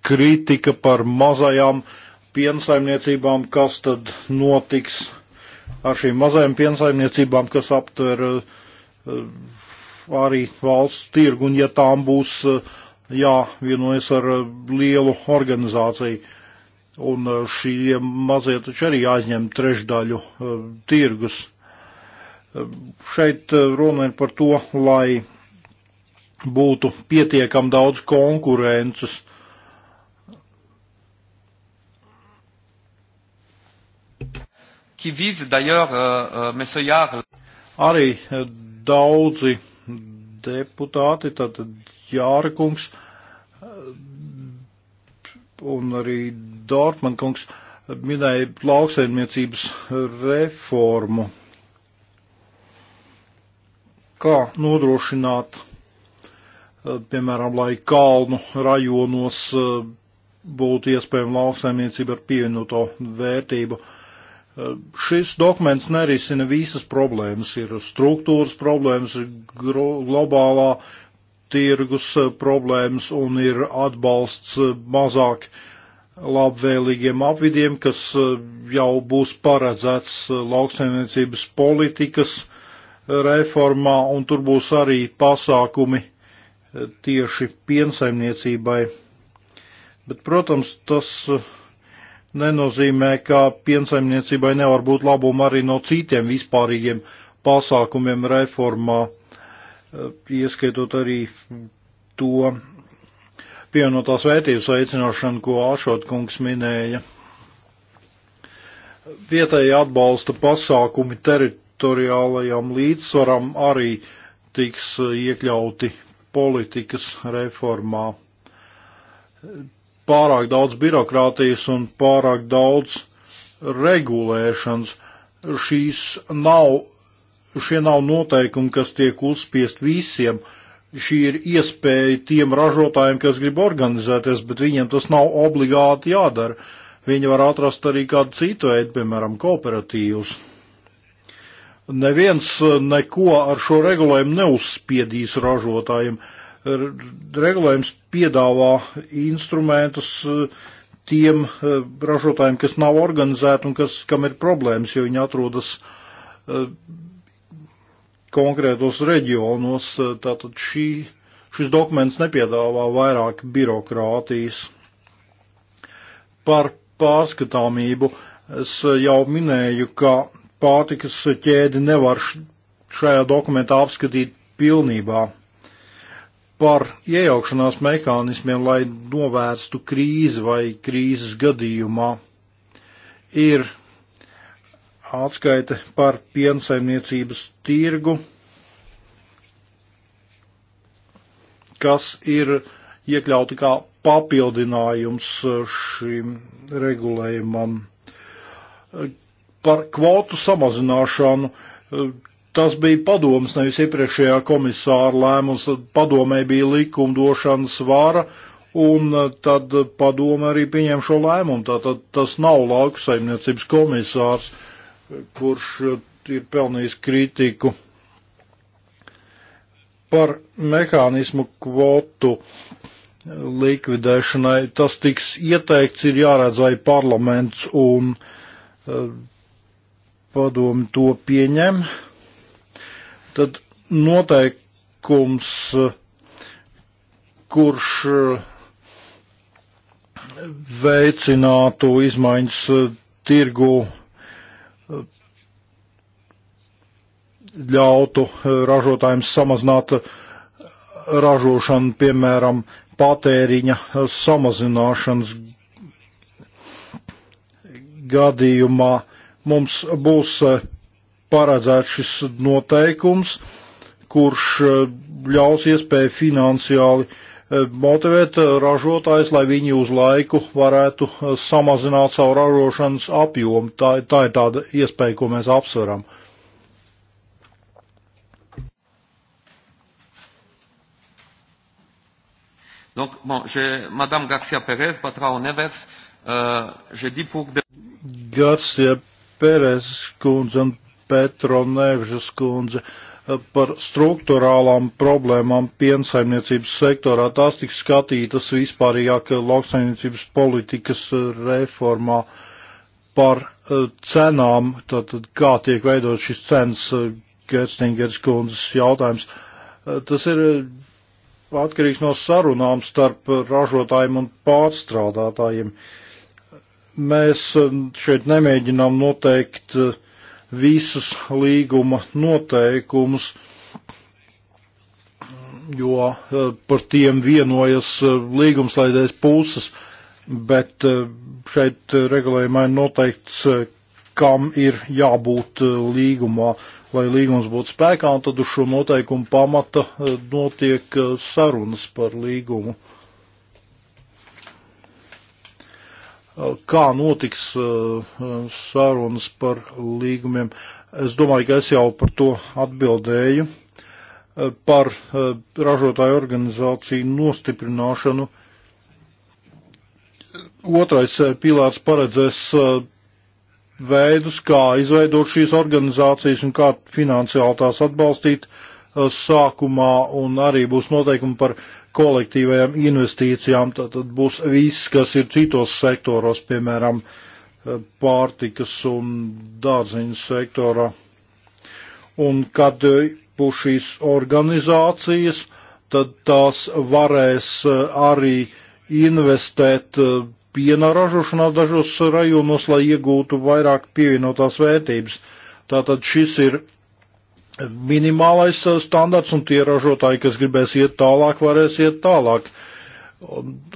kritika par mazajām uh, piensaimniecībām, kas tad notiks ar šīm mazajām piensaimniecībām, kas aptver eh, arī valsts tirgu, un ja tām būs eh, jāvienojas ar eh, lielu organizāciju. Un šie mazie taču arī jāizņem trešdaļu tirgus. Šeit runa ir par to, lai būtu pietiekam daudz konkurences qui vise d'ailleurs euh, euh, M. Jarl. Arī daudzi deputāti, tātad Jāra kungs eh, un arī Dārtman kungs minēja lauksaimniecības reformu. Kā nodrošināt, eh, piemēram, lai kalnu rajonos eh, būtu iespējama lauksaimniecība ar pievienoto vērtību? Uh, Eh, šis dokuments nerisina visas problēmas. Ir struktūras problēmas, ir globālā tirgus eh, problēmas un ir atbalsts eh, mazāk labvēlīgiem apvidiem, kas jau būs paredzēts lauksaimniecības politikas reformā, un tur būs arī pasākumi tieši piensaimniecībai. Bet, protams, tas uh, nenozīmē, ka piensaimniecībai nevar būt labuma arī no citiem vispārīgiem pasākumiem reformā, eh, ieskaitot arī to pievienotās vērtības veicināšanu, ko Ašotkungs minēja. Vietēji atbalsta pasākumi teritoriālajam līdzsvaram arī tiks iekļauti politikas reformā pārāk daudz birokrātijas un pārāk daudz regulēšanas. Šīs nav, šie nav noteikumi, kas tiek uzspiest visiem. Šī ir iespēja tiem ražotājiem, kas grib organizēties, bet viņiem tas nav obligāti jādara. Viņi var atrast arī kādu citu veidu, piemēram, kooperatīvus. Neviens neko ar šo regulējumu neuzspiedīs ražotājiem. Uh, regulējums piedāvā instrumentus eh, tiem eh, ražotājiem, kas nav organizēti un kas, kam ir problēmas, jo viņi atrodas eh, konkrētos reģionos. Tātad šī, šis dokuments nepiedāvā vairāk birokrātijas. Par pārskatāmību es jau minēju, ka pārtikas ķēdi nevar šajā dokumentā apskatīt pilnībā par iejaukšanās mehānismiem, lai novērstu krīzi vai krīzes gadījumā, ir atskaite par piensaimniecības tirgu, kas ir iekļauti kā papildinājums šim regulējumam. Par kvotu samazināšanu Tas bija padomas, nevis iepriekšējā komisāra lēmums. Padomē bija likumdošanas vara, un uh, tad padome arī pieņem šo lēmumu. Tātad tas nav lauksaimniecības komisārs, kurš uh, ir pelnījis kritiku par mehānismu kvotu uh, likvidēšanai. Tas tiks ieteikts, ir jāredz, vai parlaments un padomi to pieņem. Uh, Tad noteikums, kurš eh, veicinātu izmaiņas eh, tirgu, eh, ļautu ražotājiem samazināt ražošanu, piemēram, patēriņa samazināšanas gadījumā mums būs paredzēts šis noteikums, kurš eh, ļaus iespēju finansiāli eh, motivēt eh, ražotājs, lai viņi uz laiku varētu samazināt savu ražošanas apjomu. Tā, tā ir tāda iespēja, ko mēs apsveram. Donc, bon, je, Madame Garcia Perez battra en inverse. Euh, je dis pour. De... Garcia Perez kundze un Petronēvžas kundze eh, par struktūrālām problēmām piensaimniecības sektorā. Tās tiks skatītas vispārīgāk lauksaimniecības politikas eh, reformā par eh, cenām, tātad kā tiek veidot šis cenas, Gerstingers kundzes jautājums. Tas ir atkarīgs no sarunām starp ražotājiem un pārstrādātājiem. Mēs šeit nemēģinām noteikt uh, visus līguma noteikumus, jo eh, par tiem vienojas eh, līgumslaidēs puses, bet eh, šeit regulējumā ir noteikts, kam ir jābūt līgumā, lai līgums būtu spēkā, un tad uz šo noteikumu pamata notiek sarunas par līgumu. Eh, kā notiks eh, eh, sarunas par līgumiem. Es domāju, ka es jau par to atbildēju. Par ražotāju organizāciju nostiprināšanu. Otrais pilārs paredzēs veidus, kā izveidot šīs organizācijas un kā finansiāli tās atbalstīt sākumā, un arī būs noteikumi par uh, kolektīvajām investīcijām, tad būs viss, kas ir citos sektoros, piemēram, eh, pārtikas un dārziņu sektorā. Un kad eh, būs šīs organizācijas, tad tās varēs eh, arī investēt piena ražošanā dažos rajonos, lai iegūtu vairāk pievienotās vērtības. Tātad šis ir minimālais eh, standarts, un tie ražotāji, kas gribēs iet tālāk, varēs iet tālāk.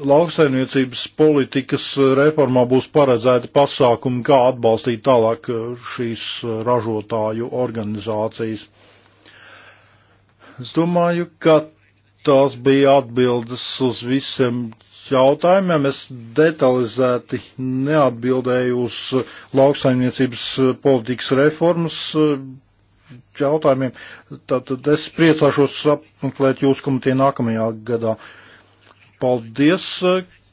Lauksaimniecības politikas eh, reformā būs paredzēti pasākumi, kā atbalstīt tālāk eh, šīs ražotāju organizācijas. Es domāju, ka tās bija atbildes uz visiem jautājumiem. Es detalizēti neatbildēju uz lauksaimniecības politikas reformas jautājumiem. Tātad es priecāšos apmeklēt jūs komiteju nākamajā gadā. Paldies,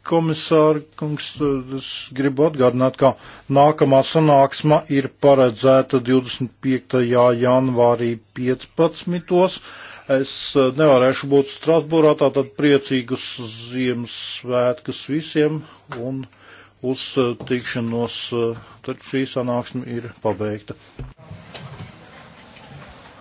komisāra kungs. Es gribu atgādināt, ka nākamā sanāksma ir paredzēta 25. janvārī 15. Es nevarēšu būt Strasbūrā, tātad priecīgus Ziemassvētkus visiem un uz tikšanos, tad šī sanāksme ir pabeigta.